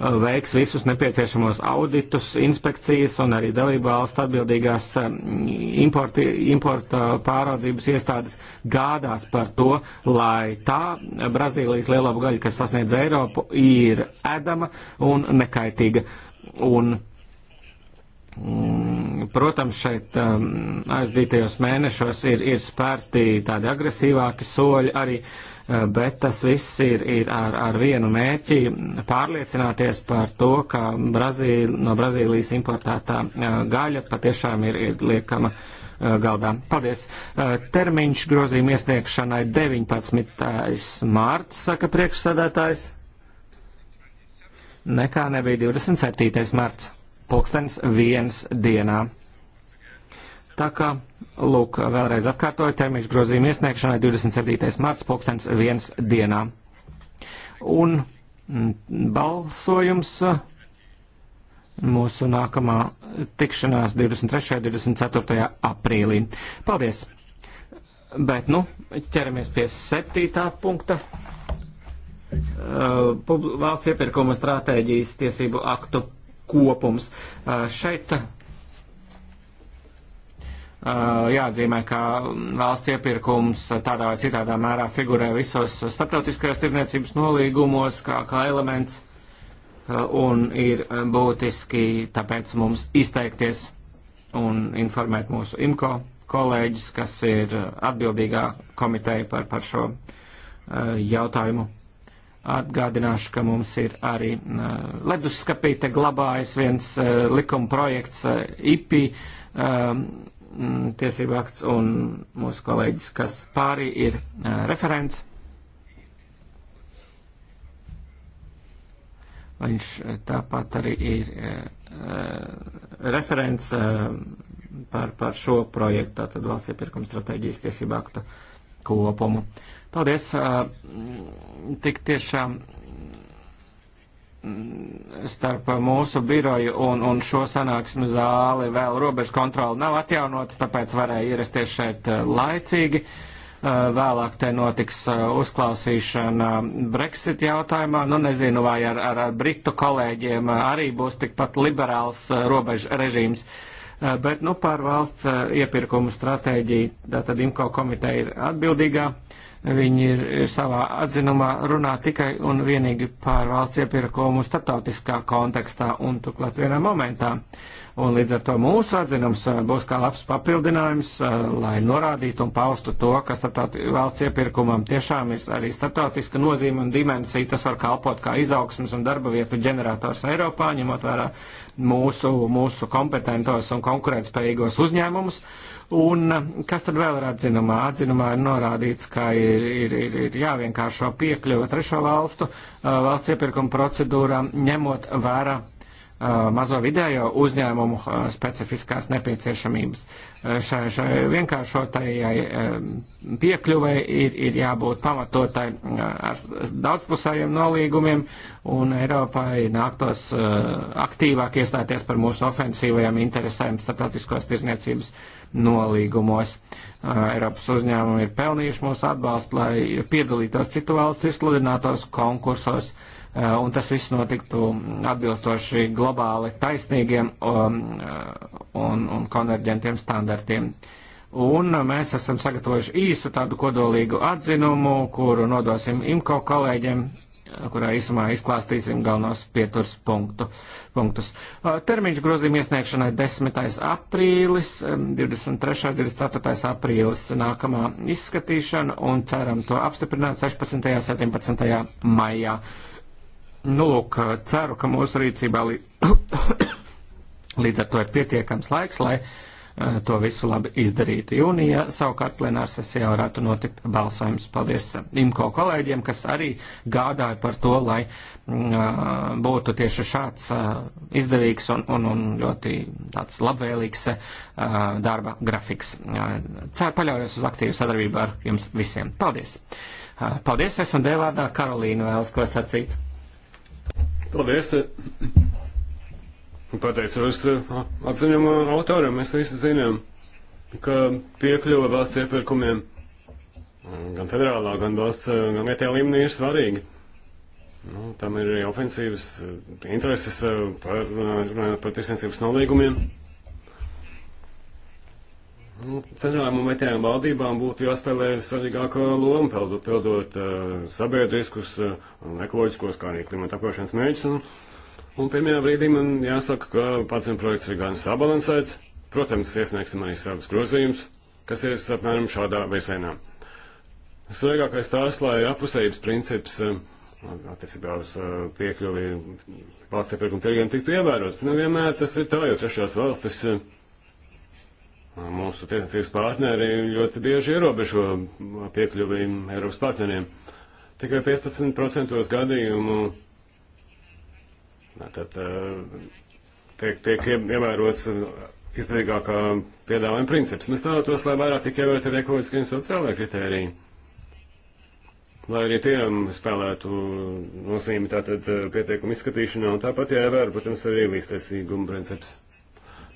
veiks visus nepieciešamos auditus, inspekcijas un arī dalību valstu atbildīgās um, importi, importa pārādzības iestādes gādās par to, lai tā Brazīlijas lielāpa gaļa, kas sasniedz Eiropu, ir ēdama un nekaitīga. Un, mm, Protams, šeit um, aizdītajos mēnešos ir, ir spērti tādi agresīvāki soļi arī uh, bet tas viss ir, ir ar, ar vienu mērķi - pārliecināties par to, ka Brazīl, no Brazīlijas importētā gaļa patiešām ir, ir liekama galdā. Paldies! Termiņš grozījuma iesniegšanai 19. mārts, saka priekšsēdētājs. Nekā nebija 27. marts, pulkstens viens dienā. Tā kā, lūk, vēlreiz atkārtoju, termiņš grozījuma iesniegšanai 27. marts pulkstens viens dienā. Un mm, balsojums mūsu nākamā tikšanās 23. un 24. aprīlī. Paldies! Bet, nu, ķeramies pie septītā punkta. Uh, valsts iepirkuma stratēģijas tiesību aktu kopums. Uh, šeit Eh, jāatzīmē, ka valsts iepirkums tādā vai citādā mērā figurē visos starptautiskajos tirdzniecības nolīgumos kā, kā elements eh, un ir eh, būtiski tāpēc mums izteikties un informēt mūsu IMCO kolēģis, kas ir atbildīgā komiteja par, par šo jautājumu. Atgādināšu, ka mums ir arī leduskapīte glabājas viens likuma projekts IPI Mm, tiesību akts un mūsu kolēģis, kas pārī ir referents. Viņš tāpat arī ir referents par, par šo projektu, tātad valsts iepirkuma stratēģijas tiesību aktu kopumu. Paldies! Tik tiešām starp mūsu biroju un, un šo sanāksmu zāli vēl robežu kontroli nav atjaunota, tāpēc varēja ierasties šeit eh, laicīgi. Eh, vēlāk te notiks eh, uzklausīšana Brexit jautājumā. Nu, nezinu, vai ar, ar, ar britu kolēģiem arī būs tikpat liberāls robežu režīms. Bet, nu, par valsts iepirkumu stratēģiju, tātad IMCO komiteja ir atbildīgā. Uh, Viņi ir, ir savā atzinumā runā tikai un vienīgi par valsts iepirkumu starptautiskā kontekstā un turklāt vienā momentā. Uh, un līdz ar to mūsu atzinums eh, būs kā labs papildinājums, eh, lai norādītu un paustu to, ka valsts iepirkumam tiešām ir arī starptautiska nozīme un dimensija. Tas var kalpot kā izaugsmas un darba vietu ģenerators Eiropā, ņemot vērā mūsu, mūsu kompetentos un konkurētspējīgos uzņēmumus. Un eh, kas tad vēl ir atzinumā? Atzinumā ir norādīts, ka ir, ir, ir, ir jāvienkāršo piekļuva trešo valstu valsts iepirkuma procedūrām, ņemot vērā mazo vidējo uzņēmumu specifiskās nepieciešamības. Šai, šai vienkāršotajai piekļuvai ir, ir jābūt pamatotai ar daudzpusējiem nolīgumiem, un Eiropai nāktos aktīvāk iestāties par mūsu ofensīvajām interesēm starptautiskos tirzniecības nolīgumos. Eiropas uzņēmumi ir pelnījuši mūsu atbalstu, lai piedalītos citu valstu izsludinātos konkursos. Uh, Eh, un tas viss notiktu atbilstoši globāli taisnīgiem un, um, eh, un, un konverģentiem standartiem. Un mēs esam sagatavojuši īsu tādu kodolīgu atzinumu, kuru nodosim IMCO kolēģiem, kurā īsumā izklāstīsim galvenos pieturs punktu, punktus. Eh, termiņš grozījuma iesniegšanai 10. aprīlis, 23. 24. aprīlis nākamā izskatīšana un ceram to apstiprināt 16. 17. maijā. Nu, lūk, ceru, ka mūsu rīcībā līdz ar to ir pietiekams laiks, lai eh, to visu labi izdarītu. Jūnijā savukārt plenāra sesijā varētu notikt balsojums. Paldies eh, IMCO kolēģiem, kas arī gādāja par to, lai mm, eh, būtu tieši šāds izdevīgs un, un, un ļoti tāds labvēlīgs darba grafiks. Ceru paļaujos uz aktīvu sadarbību ar jums visiem. Paldies! Paldies, es un Dēvārdā Karolīnu vēlas ko sacīt. Paldies! Pateicos eh, atziņam autoram, mēs visi zinām, ka piekļuva valsts iepirkumiem gan federālā, gan valsts, eh, gan vietējā līmenī ir svarīga. Nu, tam ir arī ofensīvas eh, intereses par, par tirsniecības nolīgumiem. Centrālām un vietējām valdībām būtu jāspēlē svarīgāka loma, pildot, pildot uh, eh, sabiedriskus uh, un ekoloģiskos, kā arī klimata apkarošanas mērķus. Un, un pirmajā brīdī man jāsaka, ka pats vien projekts ir gan sabalansēts. Protams, iesniegsim arī savus grozījumus, kas ir apmēram šādā virzienā. Svarīgākais tās, lai apusējības princips uh, attiecībā uz uh, piekļuvi valsts iepirkuma tirgiem tiktu ievērots. Nevienmēr tas ir tā, jo trešās valstis. Uh, Mūsu tirdzniecības partneri ļoti bieži ierobežo piekļuvi Eiropas partneriem. Tikai 15% gadījumu tad, eh, tiek, tiek ievērots izdevīgākā piedāvājuma princips. Mēs vēlētos, lai vairāk tiek ievērta arī ekoloģiskie un sociālajie kritēriji lai arī tiem spēlētu nozīmi tātad eh, pieteikumu izskatīšanā, un tāpat jāievēr, protams, arī līdztiesīguma princips.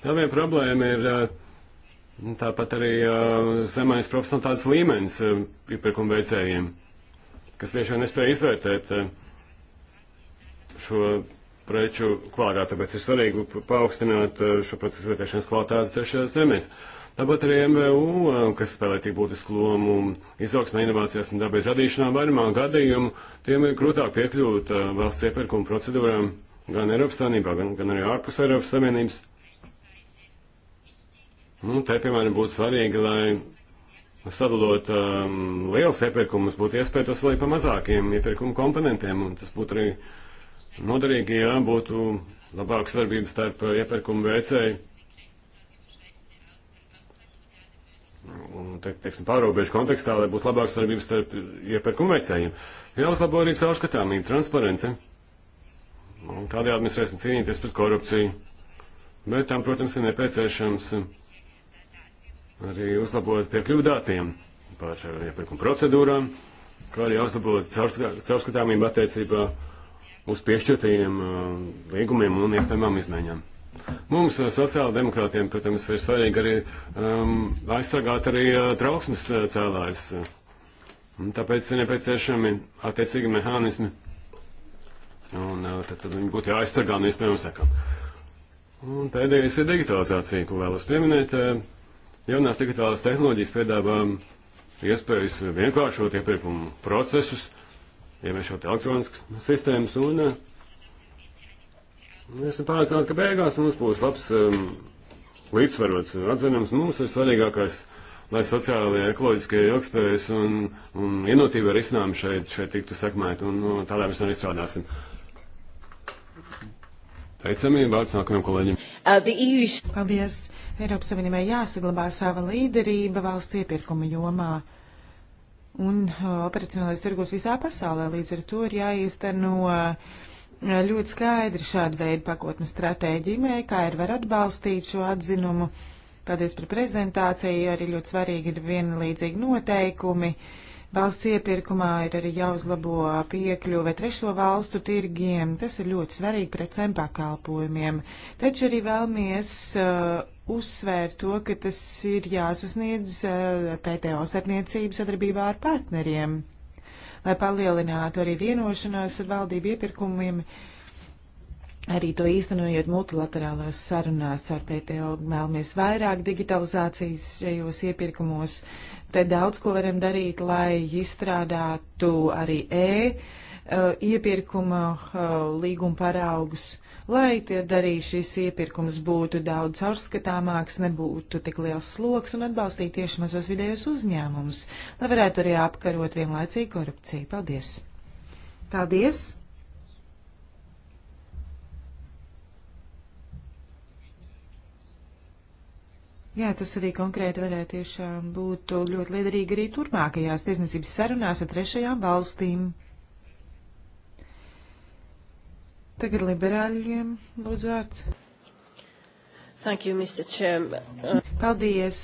Vēl viena problēma ir eh, Tāpat arī zemais profesionālitātes līmenis iepirkuma veicējiem, kas bieži vien nespēja izvērtēt šo preču kvalitāti, tāpēc ir svarīgi paaugstināt šo procesu izvērtēšanas kvalitāti trešajās zemēs. Tāpat arī MVU, kas spēlē tik būtisku lomu izaugsmē, inovācijās un darbies radīšanā, vairumā gadījumu tiem ir grūtāk piekļūt valsts iepirkuma procedūrām gan Eiropas Savienībā, gan, gan arī ārpus Eiropas Savienības. Nu, te, piemēram, būtu svarīgi, lai sadalot um, liels iepirkumus, būtu iespēja to salīt pa mazākiem iepirkumu komponentiem, un tas būtu arī noderīgi, ja būtu labāka sadarbība starp iepirkumu veicēju un, te, teiksim, pārobežu kontekstā, lai būtu labāka sadarbība starp iepirkumu veicējiem. Jāuzlabo arī caurskatāmība, transparence. Tādējādi mēs varēsim cīnīties pret korupciju. Bet tam, protams, ir nepieciešams. Um, arī uzlabot piekļuvu datiem par eh, iepirkuma procedūrām, kā arī uzlabot caurskatāmību attiecībā uz piešķirtajiem eh, līgumiem un iespējamām izmaiņām. Mums, eh, sociāla demokrātiem, protams, ir svarīgi arī um, aizsargāt arī trauksmes cēlājus. Un tāpēc ir nepieciešami attiecīgi mehānismi. Un tad, tad viņi būtu jāaizsargā no iespējamām sekām. Un pēdējais ir digitalizācija, ko vēlos pieminēt. Uh, Jaunās digitālās tehnoloģijas piedāvā iespējas vienkāršot iepirkumu procesus, ieviešot elektroniskas sistēmas, un eh, esmu pārliecināts, ka beigās mums būs labs um, līdzsvarots atzinums. Mums ir svarīgākais, lai sociālie, ekoloģiskie ilgspējas un, un inovatīvie risinājumi šeit, šeit tiktu sekmēti, un no tādā mēs arī strādāsim. Teicamība vārds nākamajam kolēģim. Uh, e Paldies! Eiropas Savienībai jāsaglabā sava līderība valsts iepirkuma jomā un uh, operacionālais tirgos visā pasaulē. Līdz ar to ir jāīsteno uh, ļoti skaidri šāda veida pakotnes stratēģijai, kā ir var atbalstīt šo atzinumu. Paldies par prezentāciju, arī ļoti svarīgi ir vienlīdzīgi noteikumi. Uh, Valsts iepirkumā ir arī jāuzlabo piekļuve trešo valstu tirgiem. Tas ir ļoti svarīgi precēm pakalpojumiem. Taču arī vēlamies uh, uzsvērt to, ka tas ir jāsasniedz uh, PTO starpniecību sadarbībā ar partneriem, lai palielinātu arī vienošanās ar valdību iepirkumiem. Uh, Arī to īstenojot multilaterālās sarunās ar PTO, vēlamies vairāk digitalizācijas šajos iepirkumos, Te daudz ko varam darīt, lai izstrādātu arī e, e iepirkuma e, līguma paraugus, lai arī šis iepirkums būtu daudz caurskatāmāks, nebūtu tik liels sloks un atbalstīt tieši mazos vidējos uzņēmumus, lai varētu arī apkarot vienlaicīgi korupciju. Paldies! Paldies! Jā, tas arī konkrēti varētu tiešām būt ļoti liederīgi arī turpmākajās tiesniecības sarunās ar trešajām valstīm. Tagad liberāļiem lūdzu vārds. Thank you, Mr. Chairman. Uh, Paldies.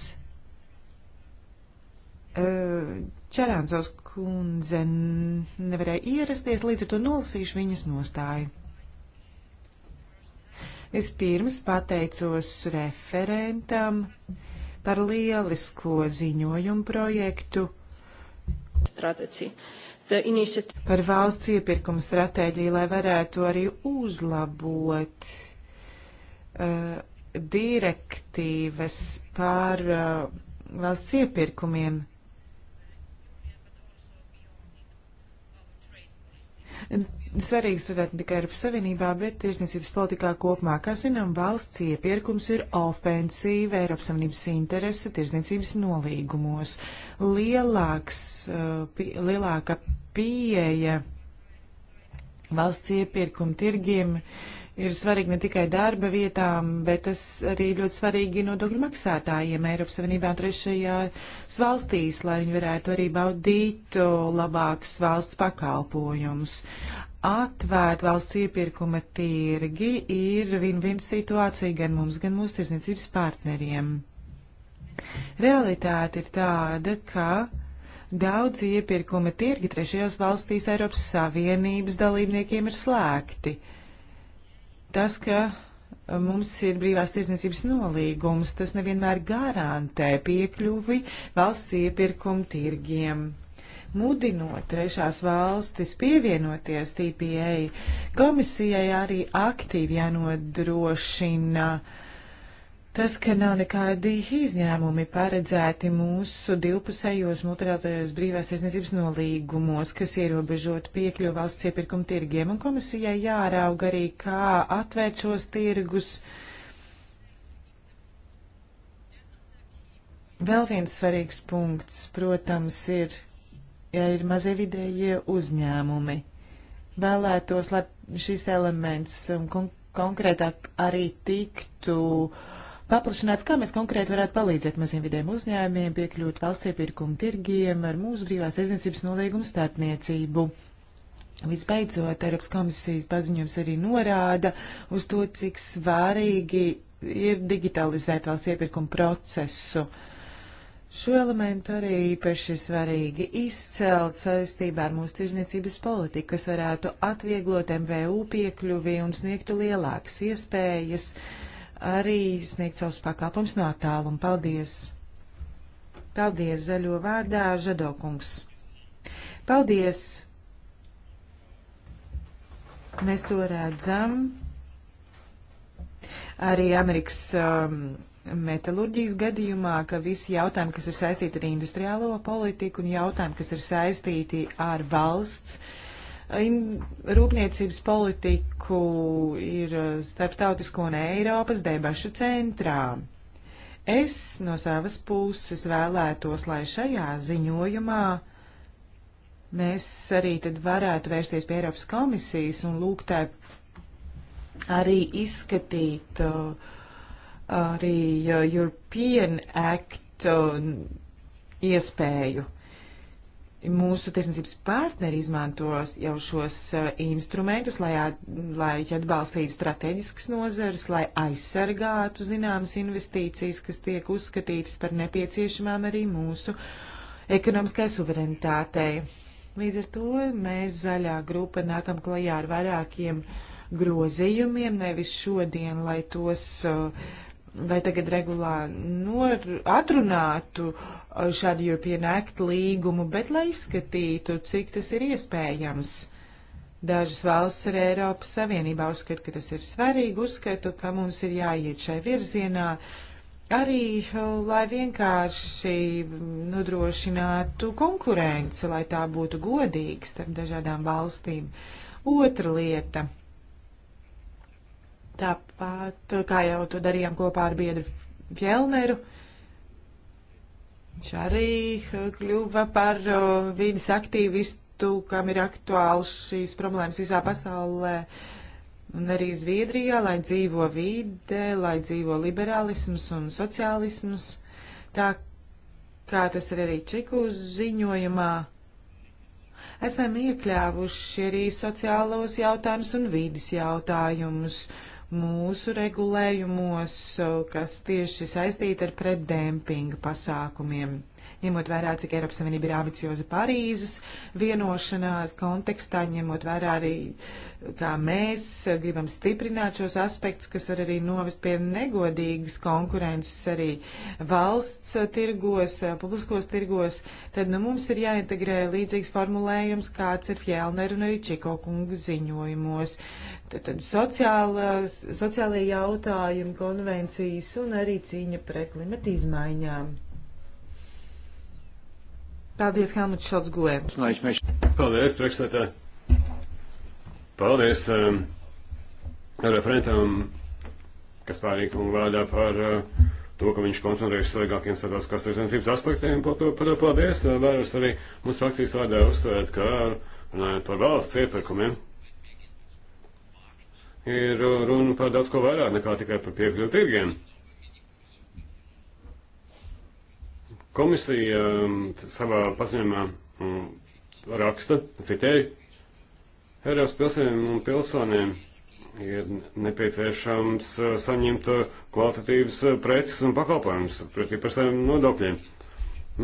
Uh, Čerānzovs kundze nevarēja ierasties, līdz ar to nolasīšu viņas nostāju. Vispirms pateicos referentam par lielisko ziņojumu projektu. Stratēcija par valsts iepirkuma stratēģiju, lai varētu arī uzlabot uh, direktīvas pār uh, valsts iepirkumiem svarīgi strādāt ne tikai Eiropas Savienībā, bet tirsniecības politikā kopumā. Kā zinām, valsts iepirkums ir ofensīva Eiropas Savienības interese tirsniecības nolīgumos. Lielāks, uh, pie, lielāka pieeja valsts iepirkuma tirgiem ir svarīgi ne tikai darba vietām, bet tas arī ļoti svarīgi nodokļu maksātājiem Eiropas Savienībā un trešajās valstīs, lai viņi varētu arī baudīt labākus valsts pakalpojumus atvērt valsts iepirkuma tirgi ir vien-vien situācija gan mums, gan mūsu tirsniecības partneriem. Realitāte ir tāda, ka daudz iepirkuma tirgi trešajos valstīs Eiropas Savienības dalībniekiem ir slēgti. Tas, ka mums ir brīvās tirsniecības nolīgums, tas nevienmēr garantē piekļuvi valsts iepirkuma tirgiem mudinot trešās valstis pievienoties TPA, komisijai arī aktīvi jānodrošina tas, ka nav nekādi izņēmumi paredzēti mūsu divpusējos multilaterālajos brīvās aizniecības nolīgumos, kas ierobežot piekļuvu valsts iepirkuma tirgiem, un komisijai jārauga arī, kā atvērt šos tirgus. Vēl viens svarīgs punkts, protams, ir ja ir mazie vidējie uzņēmumi. Vēlētos, lai šis elements um, kon konkrētāk arī tiktu paplašināts, kā mēs konkrēti varētu palīdzēt maziem vidējiem uzņēmiem piekļūt valsts iepirkuma tirgiem ar mūsu brīvās aizniecības nolīgumu starpniecību. Visbeidzot, Eiropas komisijas paziņojums arī norāda uz to, cik svarīgi ir digitalizēt valsts iepirkuma procesu. Uh, Šo elementu arī īpaši svarīgi izcelt saistībā ar mūsu tirzniecības politiku, kas varētu atvieglot MVU piekļuvi un sniegtu lielākas iespējas arī sniegt savus pakalpums no attāluma. Paldies! Paldies zaļo vārdā, Žadokungs! Paldies! Mēs to redzam. Arī Amerikas um, metalurģijas gadījumā, ka visi jautājumi, kas ir saistīti ar industriālo politiku un jautājumi, kas ir saistīti ar valsts uh, rūpniecības politiku, ir uh, starptautisko un Eiropas debašu centrā. Es no savas puses vēlētos, lai šajā ziņojumā mēs arī tad varētu vērsties pie Eiropas komisijas un lūgtai arī izskatīt uh, arī uh, European Act uh, iespēju. Mūsu tirsniecības partneri izmantos jau šos uh, instrumentus, lai, lai atbalstītu strateģiskas nozares, lai aizsargātu zināmas investīcijas, kas tiek uzskatītas par nepieciešamām arī mūsu ekonomiskai suverenitātei. Līdz ar to mēs zaļā grupa nākam klajā ar vairākiem grozījumiem, nevis šodien, lai tos uh, lai tagad regulā nor, atrunātu uh, šādu European Act līgumu, bet lai izskatītu, cik tas ir iespējams. Dažas valsts ar Eiropas Savienībā uzskata, ka tas ir svarīgi, uzskatu, ka mums ir jāiet šai virzienā, arī uh, lai vienkārši nodrošinātu konkurenci, lai tā būtu godīga starp dažādām valstīm. Otra lieta Tāpat, kā jau to darījām kopā ar biedru Fjellneru, viņš arī uh, kļuva par uh, vīdes aktīvistu, kam ir aktuāls šīs problēmas visā pasaulē. Un arī Zviedrijā, lai dzīvo vide, lai dzīvo liberālisms un sociālisms, tā kā tas ir arī Čiku ziņojumā esam iekļāvuši arī sociālos jautājumus un vīdes jautājumus mūsu regulējumos, kas tieši saistīti ar preddempinga pasākumiem ņemot vērā, cik Eiropas Savienība ir ambicioza Parīzes vienošanās kontekstā, ņemot vērā arī, kā mēs gribam stiprināt šos aspektus, kas var arī novest pie negodīgas konkurences arī valsts tirgos, publiskos tirgos, tad nu, mums ir jāintegrē līdzīgs formulējums, kāds ir Fjellner un arī Čiko kungu ziņojumos. Tad, tad sociālās, sociālajie jautājumi, konvencijas un arī cīņa pret klimata izmaiņām. Paldies, Helmuts Šalts Guē. Paldies, priekšsētā. Paldies um, referentam, kas pārīgi un vārdā par uh, to, ka viņš koncentrējas svarīgākiem sabiedriskās aizsardzības aspektiem. Par to, par to paldies. Vēros arī mūsu frakcijas vārdā uzsvērt, ka runājot par valsts iepirkumiem, ir runa par daudz ko vairāk nekā tikai par piekļuvu tirgiem. Komisija um, savā paziņojumā um, raksta, citēju, Eiropas pilsēm un pilsoniem ir nepieciešams uh, saņemt uh, kvalitatīvas uh, preces un pakalpojumus pretī par saviem nodokļiem.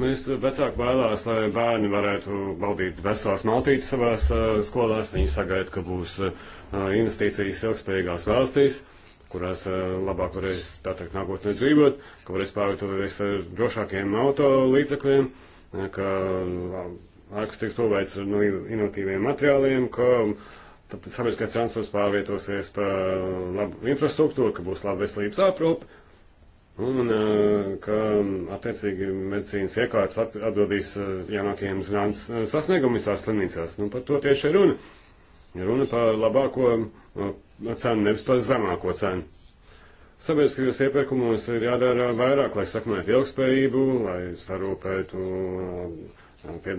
Mēs vecāki vēlās, lai bērni varētu baudīt veselās maltītes savās skolās. Viņi sagaida, ka būs investīcijas ilgspējīgās valstīs. Uh, kurās eh, labāk varēs, tā teikt, nākotnē dzīvot, ka varēs pārvietoties ar drošākiem auto līdzekļiem, eh, ka eh, ēkas tiks būvēts no inovatīviem materiāliem, ka sabiedriskais transports pārvietosies pa labu infrastruktūru, ka būs laba veselības aprūpe, un ka attiecīgi medicīnas iekārtas atbildīs jaunākajiem zinātnes sasniegumiem visās slimnīcās. Nu, par to tieši ir runa. Runa par labāko uh, cenu, nevis par zemāko cenu. Sabiedriskajos iepirkumos ir jādara vairāk, lai sakmētu ilgspējību, lai sarūpētu uh, pie,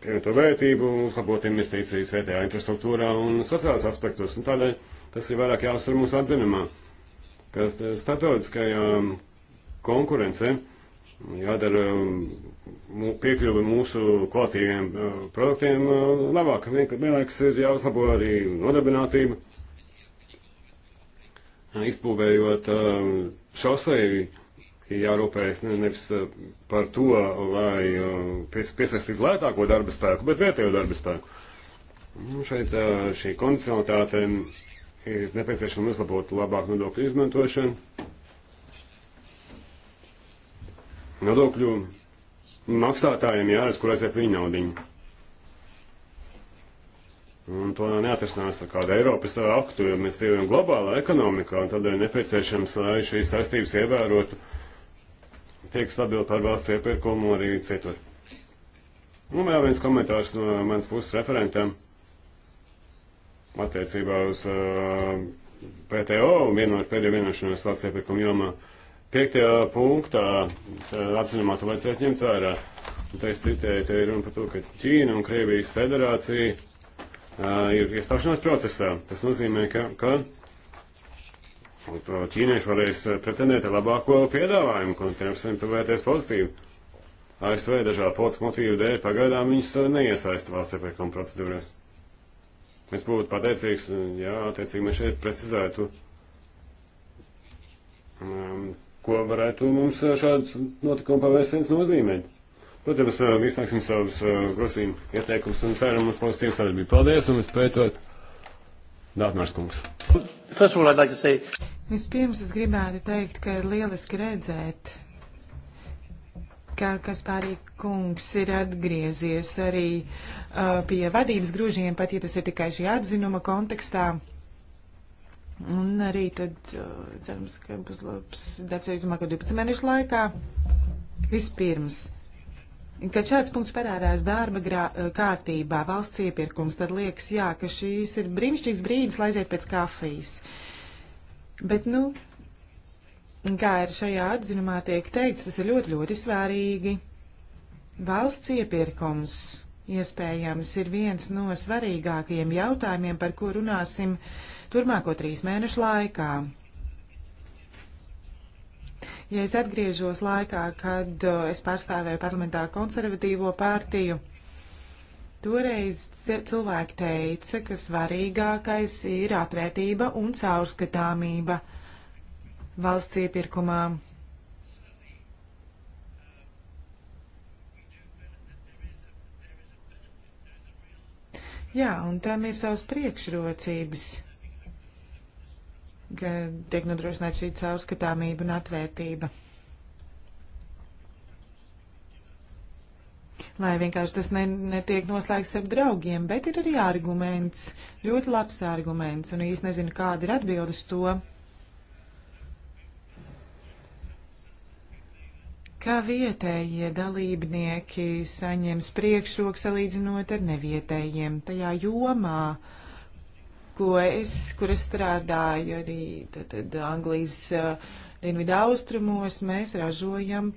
pievienoto vērtību, uzlabotu investīcijas vietējā infrastruktūrā un sociālās aspektos. Un tādēļ tas ir vairāk jāuzsver mūsu atzinumā, ka uh, starptautiskajā um, konkurence jādara piekļuvi mūsu kvalitīviem uh, produktiem uh, labāk. Vienlaikus ir jāuzlabo arī nodarbinātība, uh, izbūvējot šoseju, jārūpējas nevis par to, lai piesaistītu lētāko darba spēku, bet vietējo darba spēku. Šeit šī kondicionalitāte ir nepieciešama uzlabot labāk nodokļu izmantošanu Nodokļu maksātājiem jāredz, kur aiziet viņa naudiņa. Un to neatrisinās ar kādu Eiropas aktu, jo mēs dzīvojam globālā ekonomikā, un tādēļ nepieciešams, lai šīs saistības ievērotu, tiek stabili par valsts iepirkumu arī citur. Un vēl viens komentārs no manas puses referentam attiecībā uz uh, PTO vieno, pēdējo vienošanos valsts iepirkumu jomā. Uh, Piektajā punktā eh, atzinumā to vajadzētu ņemt vērā. Un te es citēju, te ir runa par to, ka Ķīna un Krievijas federācija uh, ir iestāšanās procesā. Tas nozīmē, ka, ka ķīnieši varēs eh, pretendēt ar labāko piedāvājumu, un tiem visiem pavērties pozitīvi. ASV dažādu politiku motīvu dēļ pagaidām viņus neiesaista valsts iepirkuma procedūrās. Es būtu pateicīgs, ja attiecīgi mēs šeit precizētu. Um, ko varētu mums šāds notikuma pavērsiens nozīmēt. Protams, izsāksim savus uh, grozījumu ieteikumus un ceram uz pozitīvu sadarbību. Paldies, un vispēcot, Dātmārs kungs. Vispirms es gribētu teikt, ka ir lieliski redzēt, ka Kaspārī kungs ir atgriezies arī uh, pie vadības grūžiem, pat ja tas ir tikai šī atzinuma kontekstā. Un arī tad uh, cerams, ka būs labs darbs arī turpmāko 12 mēnešu laikā. Vispirms, kad šāds punkts parādās darba grā, uh, kārtībā, valsts iepirkums, tad liekas, jā, ka šīs ir brīnišķīgs brīdis, lai aiziet pēc kafijas. Bet, nu, kā ir šajā atzinumā tiek teikts, tas ir ļoti, ļoti svārīgi. Valsts iepirkums iespējams ir viens no svarīgākajiem jautājumiem, par ko runāsim turmāko trīs mēnešu laikā. Ja es atgriežos laikā, kad es pārstāvēju parlamentā konservatīvo partiju, toreiz cilvēki teica, ka svarīgākais ir atvērtība un caurskatāmība valsts iepirkumām. Jā, un tam ir savas priekšrocības, ka tiek nodrošināta šī caurskatāmība un atvērtība. Lai vienkārši tas ne, netiek noslēgts ar draugiem, bet ir arī arguments, ļoti labs arguments, un īsti nezinu, kāda ir atbildes to. ka vietējie dalībnieki saņems priekšroku salīdzinot ar nevietējiem tajā jomā, ko es, kur es strādāju arī tad, tad Anglijas uh, dienvidu austrumos, mēs ražojam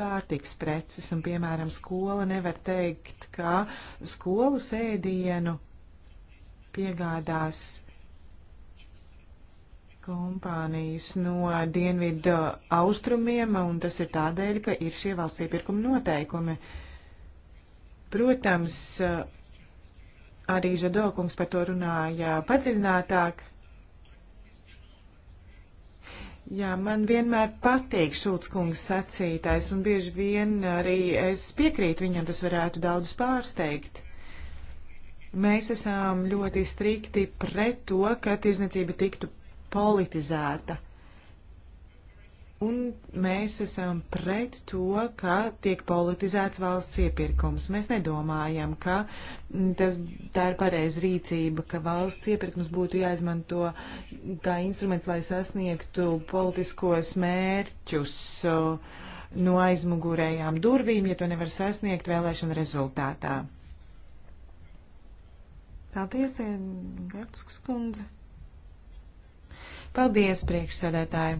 pārtiks preces, un, piemēram, skola nevar teikt, ka skolas ēdienu piegādās kompānijas no dienvidu austrumiem, un tas ir tādēļ, ka ir šie valsts iepirkuma noteikumi. Protams, arī Žadokungs par to runāja padziļinātāk. Jā, man vienmēr patīk Šulckungs sacītais, un bieži vien arī es piekrītu viņam, tas varētu daudz pārsteigt. Mēs esam ļoti strikti pret to, ka tirzniecība tiktu politizēta. Un mēs esam pret to, ka tiek politizēts valsts iepirkums. Mēs nedomājam, ka mm, tas, tā ir pareiza rīcība, ka valsts iepirkums būtu jāizmanto kā instruments, lai sasniegtu politiskos mērķus no aizmugurējām durvīm, ja to nevar sasniegt vēlēšana rezultātā. Paldies, Gārtas kundze. Paldies, priekšsēdētāji!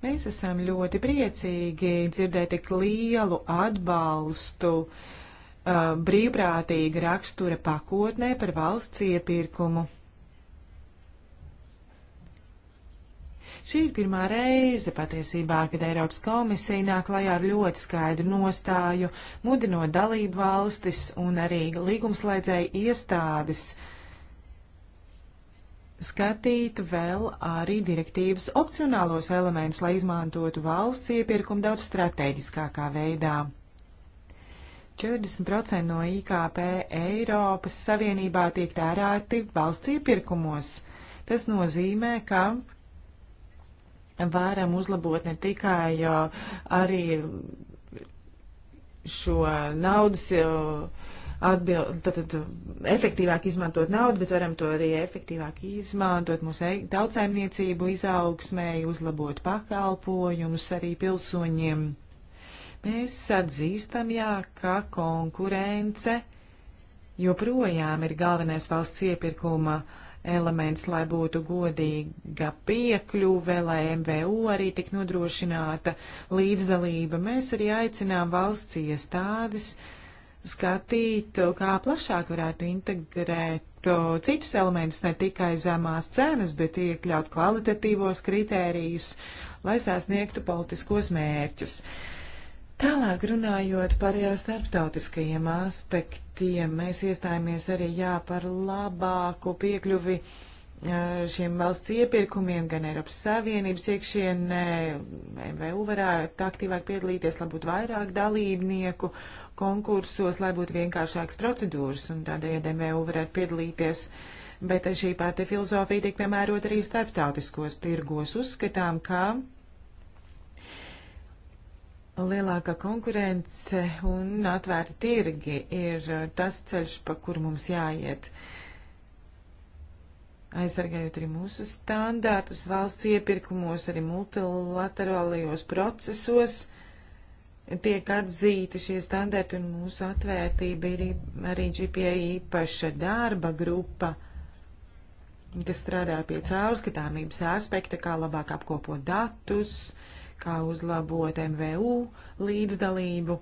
Mēs esam ļoti priecīgi dzirdēt tik lielu atbalstu uh, brīvprātīga rakstura pakotnē par valsts iepirkumu. Šī ir pirmā reize patiesībā, kad Eiropas komisija nāk klajā ar ļoti skaidru nostāju, mudinot dalību valstis un arī līgumslēdzēju iestādes skatīt vēl arī direktīvas opcionālos elementus, lai izmantotu valsts iepirkumu daudz strateģiskākā veidā. 40% no IKP Eiropas Savienībā tiek tērēti valsts iepirkumos. Tas nozīmē, ka varam uzlabot ne tikai uh, arī šo naudas. Uh, atbild, tad, tad efektīvāk izmantot naudu, bet varam to arī efektīvāk izmantot mūsu e- tautsaimniecību izaugsmēji, uzlabot pakalpojumus arī pilsoņiem. Mēs atzīstam, jā, ka konkurence joprojām ir galvenais valsts iepirkuma elements, lai būtu godīga piekļuve, lai MVU arī tik nodrošināta līdzdalība. Mēs arī aicinām valsts iestādes. Ja skatīt, uh, kā plašāk varētu integrēt uh, citus elementus, ne tikai zemās cenas, bet iekļaut kvalitatīvos kritērijus, lai sasniegtu politiskos mērķus. Tālāk runājot par uh, starptautiskajiem aspektiem, mēs iestājāmies arī jā par labāku piekļuvi šiem valsts iepirkumiem, gan Eiropas Savienības iekšienē, MVU varētu aktīvāk piedalīties, lai būtu vairāk dalībnieku. Uh, konkursos, lai būtu vienkāršākas procedūras un tādējādi MVU varētu piedalīties. Bet šī pati filozofija tiek piemērota arī starptautiskos tirgos. Uzskatām, ka lielākā konkurence un atvērta tirgi ir uh, tas ceļš, pa kuru mums jāiet aizsargājot arī mūsu standārtus valsts iepirkumos, arī multilaterālajos procesos tiek atzīti šie standarti un mūsu atvērtība ir arī GPA īpaša darba grupa, kas strādā pie caurskatāmības aspekta, kā labāk apkopot datus, kā uzlabot MVU līdzdalību,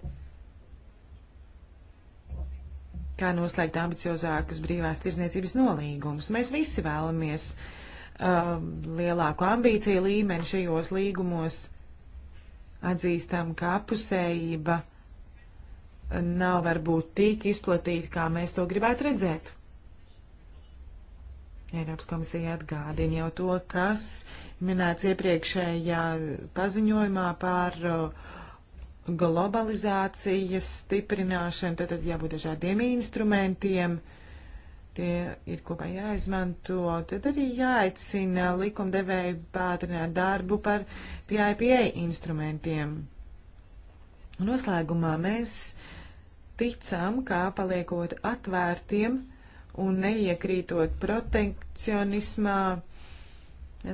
kā noslēgt ambiciozākus brīvās tirzniecības nolīgumus. Mēs visi vēlamies uh, lielāku ambīciju līmeni šajos līgumos Atzīstam, ka apusējība nav varbūt tik izplatīta, kā mēs to gribētu redzēt. Eiropas komisija atgādina jau to, kas minēts iepriekšējā paziņojumā par uh, globalizācijas stiprināšanu, tad jābūt dažādiem instrumentiem, uh, Tie ir kopā jāizmanto. Tad arī jāicina likumdevēju pātrināt darbu par PIPA instrumentiem. Noslēgumā mēs ticam, kā paliekot atvērtiem un neiekrītot protekcionismā,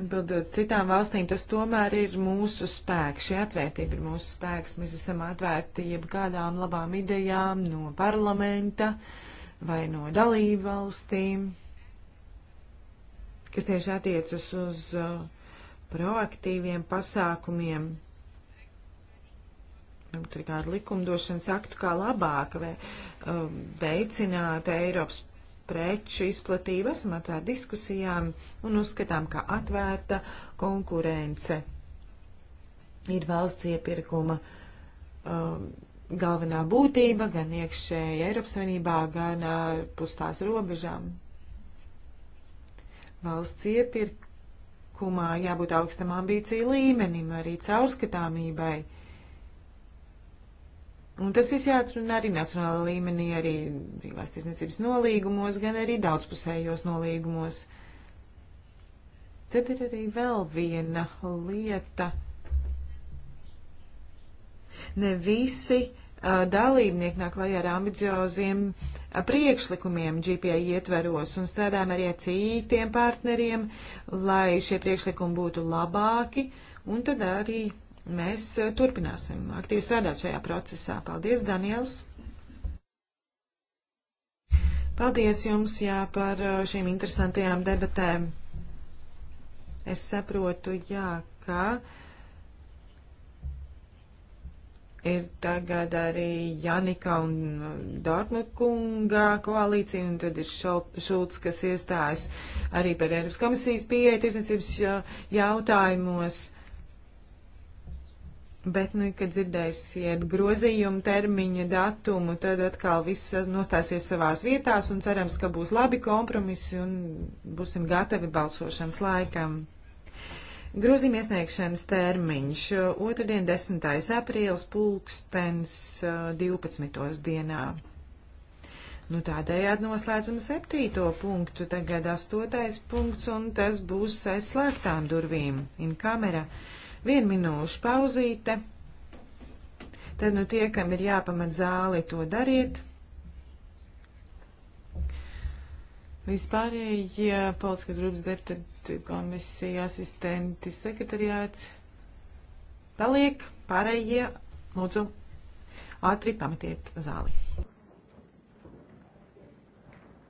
atbildot citām valstīm, tas tomēr ir mūsu spēks. Šī atvērtība ir mūsu spēks. Mēs esam atvērti jebkādām labām idejām no parlamenta. Uh, vai no dalību valstīm, kas tieši attiecas uz uh, proaktīviem pasākumiem. Nu, tur ir kāda likumdošanas aktu, kā labāk vai, um, veicināt Eiropas preču izplatību. Esam atvērti diskusijām un uzskatām, ka atvērta konkurence ir valsts iepirkuma um, galvenā būtība gan iekšēji Eiropas Savienībā, gan pus tās robežām. Valsts iepirkumā jābūt augstam ambīciju līmenim, arī caurskatāmībai. Un tas viss jāatrunā arī nacionāla līmenī, arī brīvās tirsniecības nolīgumos, gan arī daudzpusējos nolīgumos. Tad ir arī vēl viena lieta, Ne visi uh, dalībnieki nāk klajā ar ambicioziem priekšlikumiem GPA ietveros un strādājam arī ar citiem partneriem, lai šie priekšlikumi būtu labāki, un tad arī mēs turpināsim aktīvi strādāt šajā procesā. Paldies, Daniels! Paldies jums, jā, par šīm interesantajām debatēm. Es saprotu, jā, ka ir tagad arī Janika un um, Dortmukunga koalīcija, un tad ir Šulcs, kas iestājas arī par Eiropas komisijas pieeja tirsniecības jautājumos. Bet, nu, kad dzirdēsiet grozījumu termiņa datumu, tad atkal viss nostāsies savās vietās un cerams, ka būs labi kompromisi un būsim gatavi balsošanas laikam. Grozījuma iesniegšanas termiņš uh, - otrdien, 10. aprīlis, pulkstens 12. Uh, dienā. Nu, tādējādi noslēdzam septīto punktu, tagad astotais punkts, un tas būs aizslēgtām durvīm. In kamera. Vienu minūšu pauzīte. Tad, nu, tie, kam ir jāpamat zāli, to dariet. Vispārējie ja politiskās grupas deputāti, komisija, asistenti, sekretariāts paliek, pārējie lūdzu ātri pametiet zāli.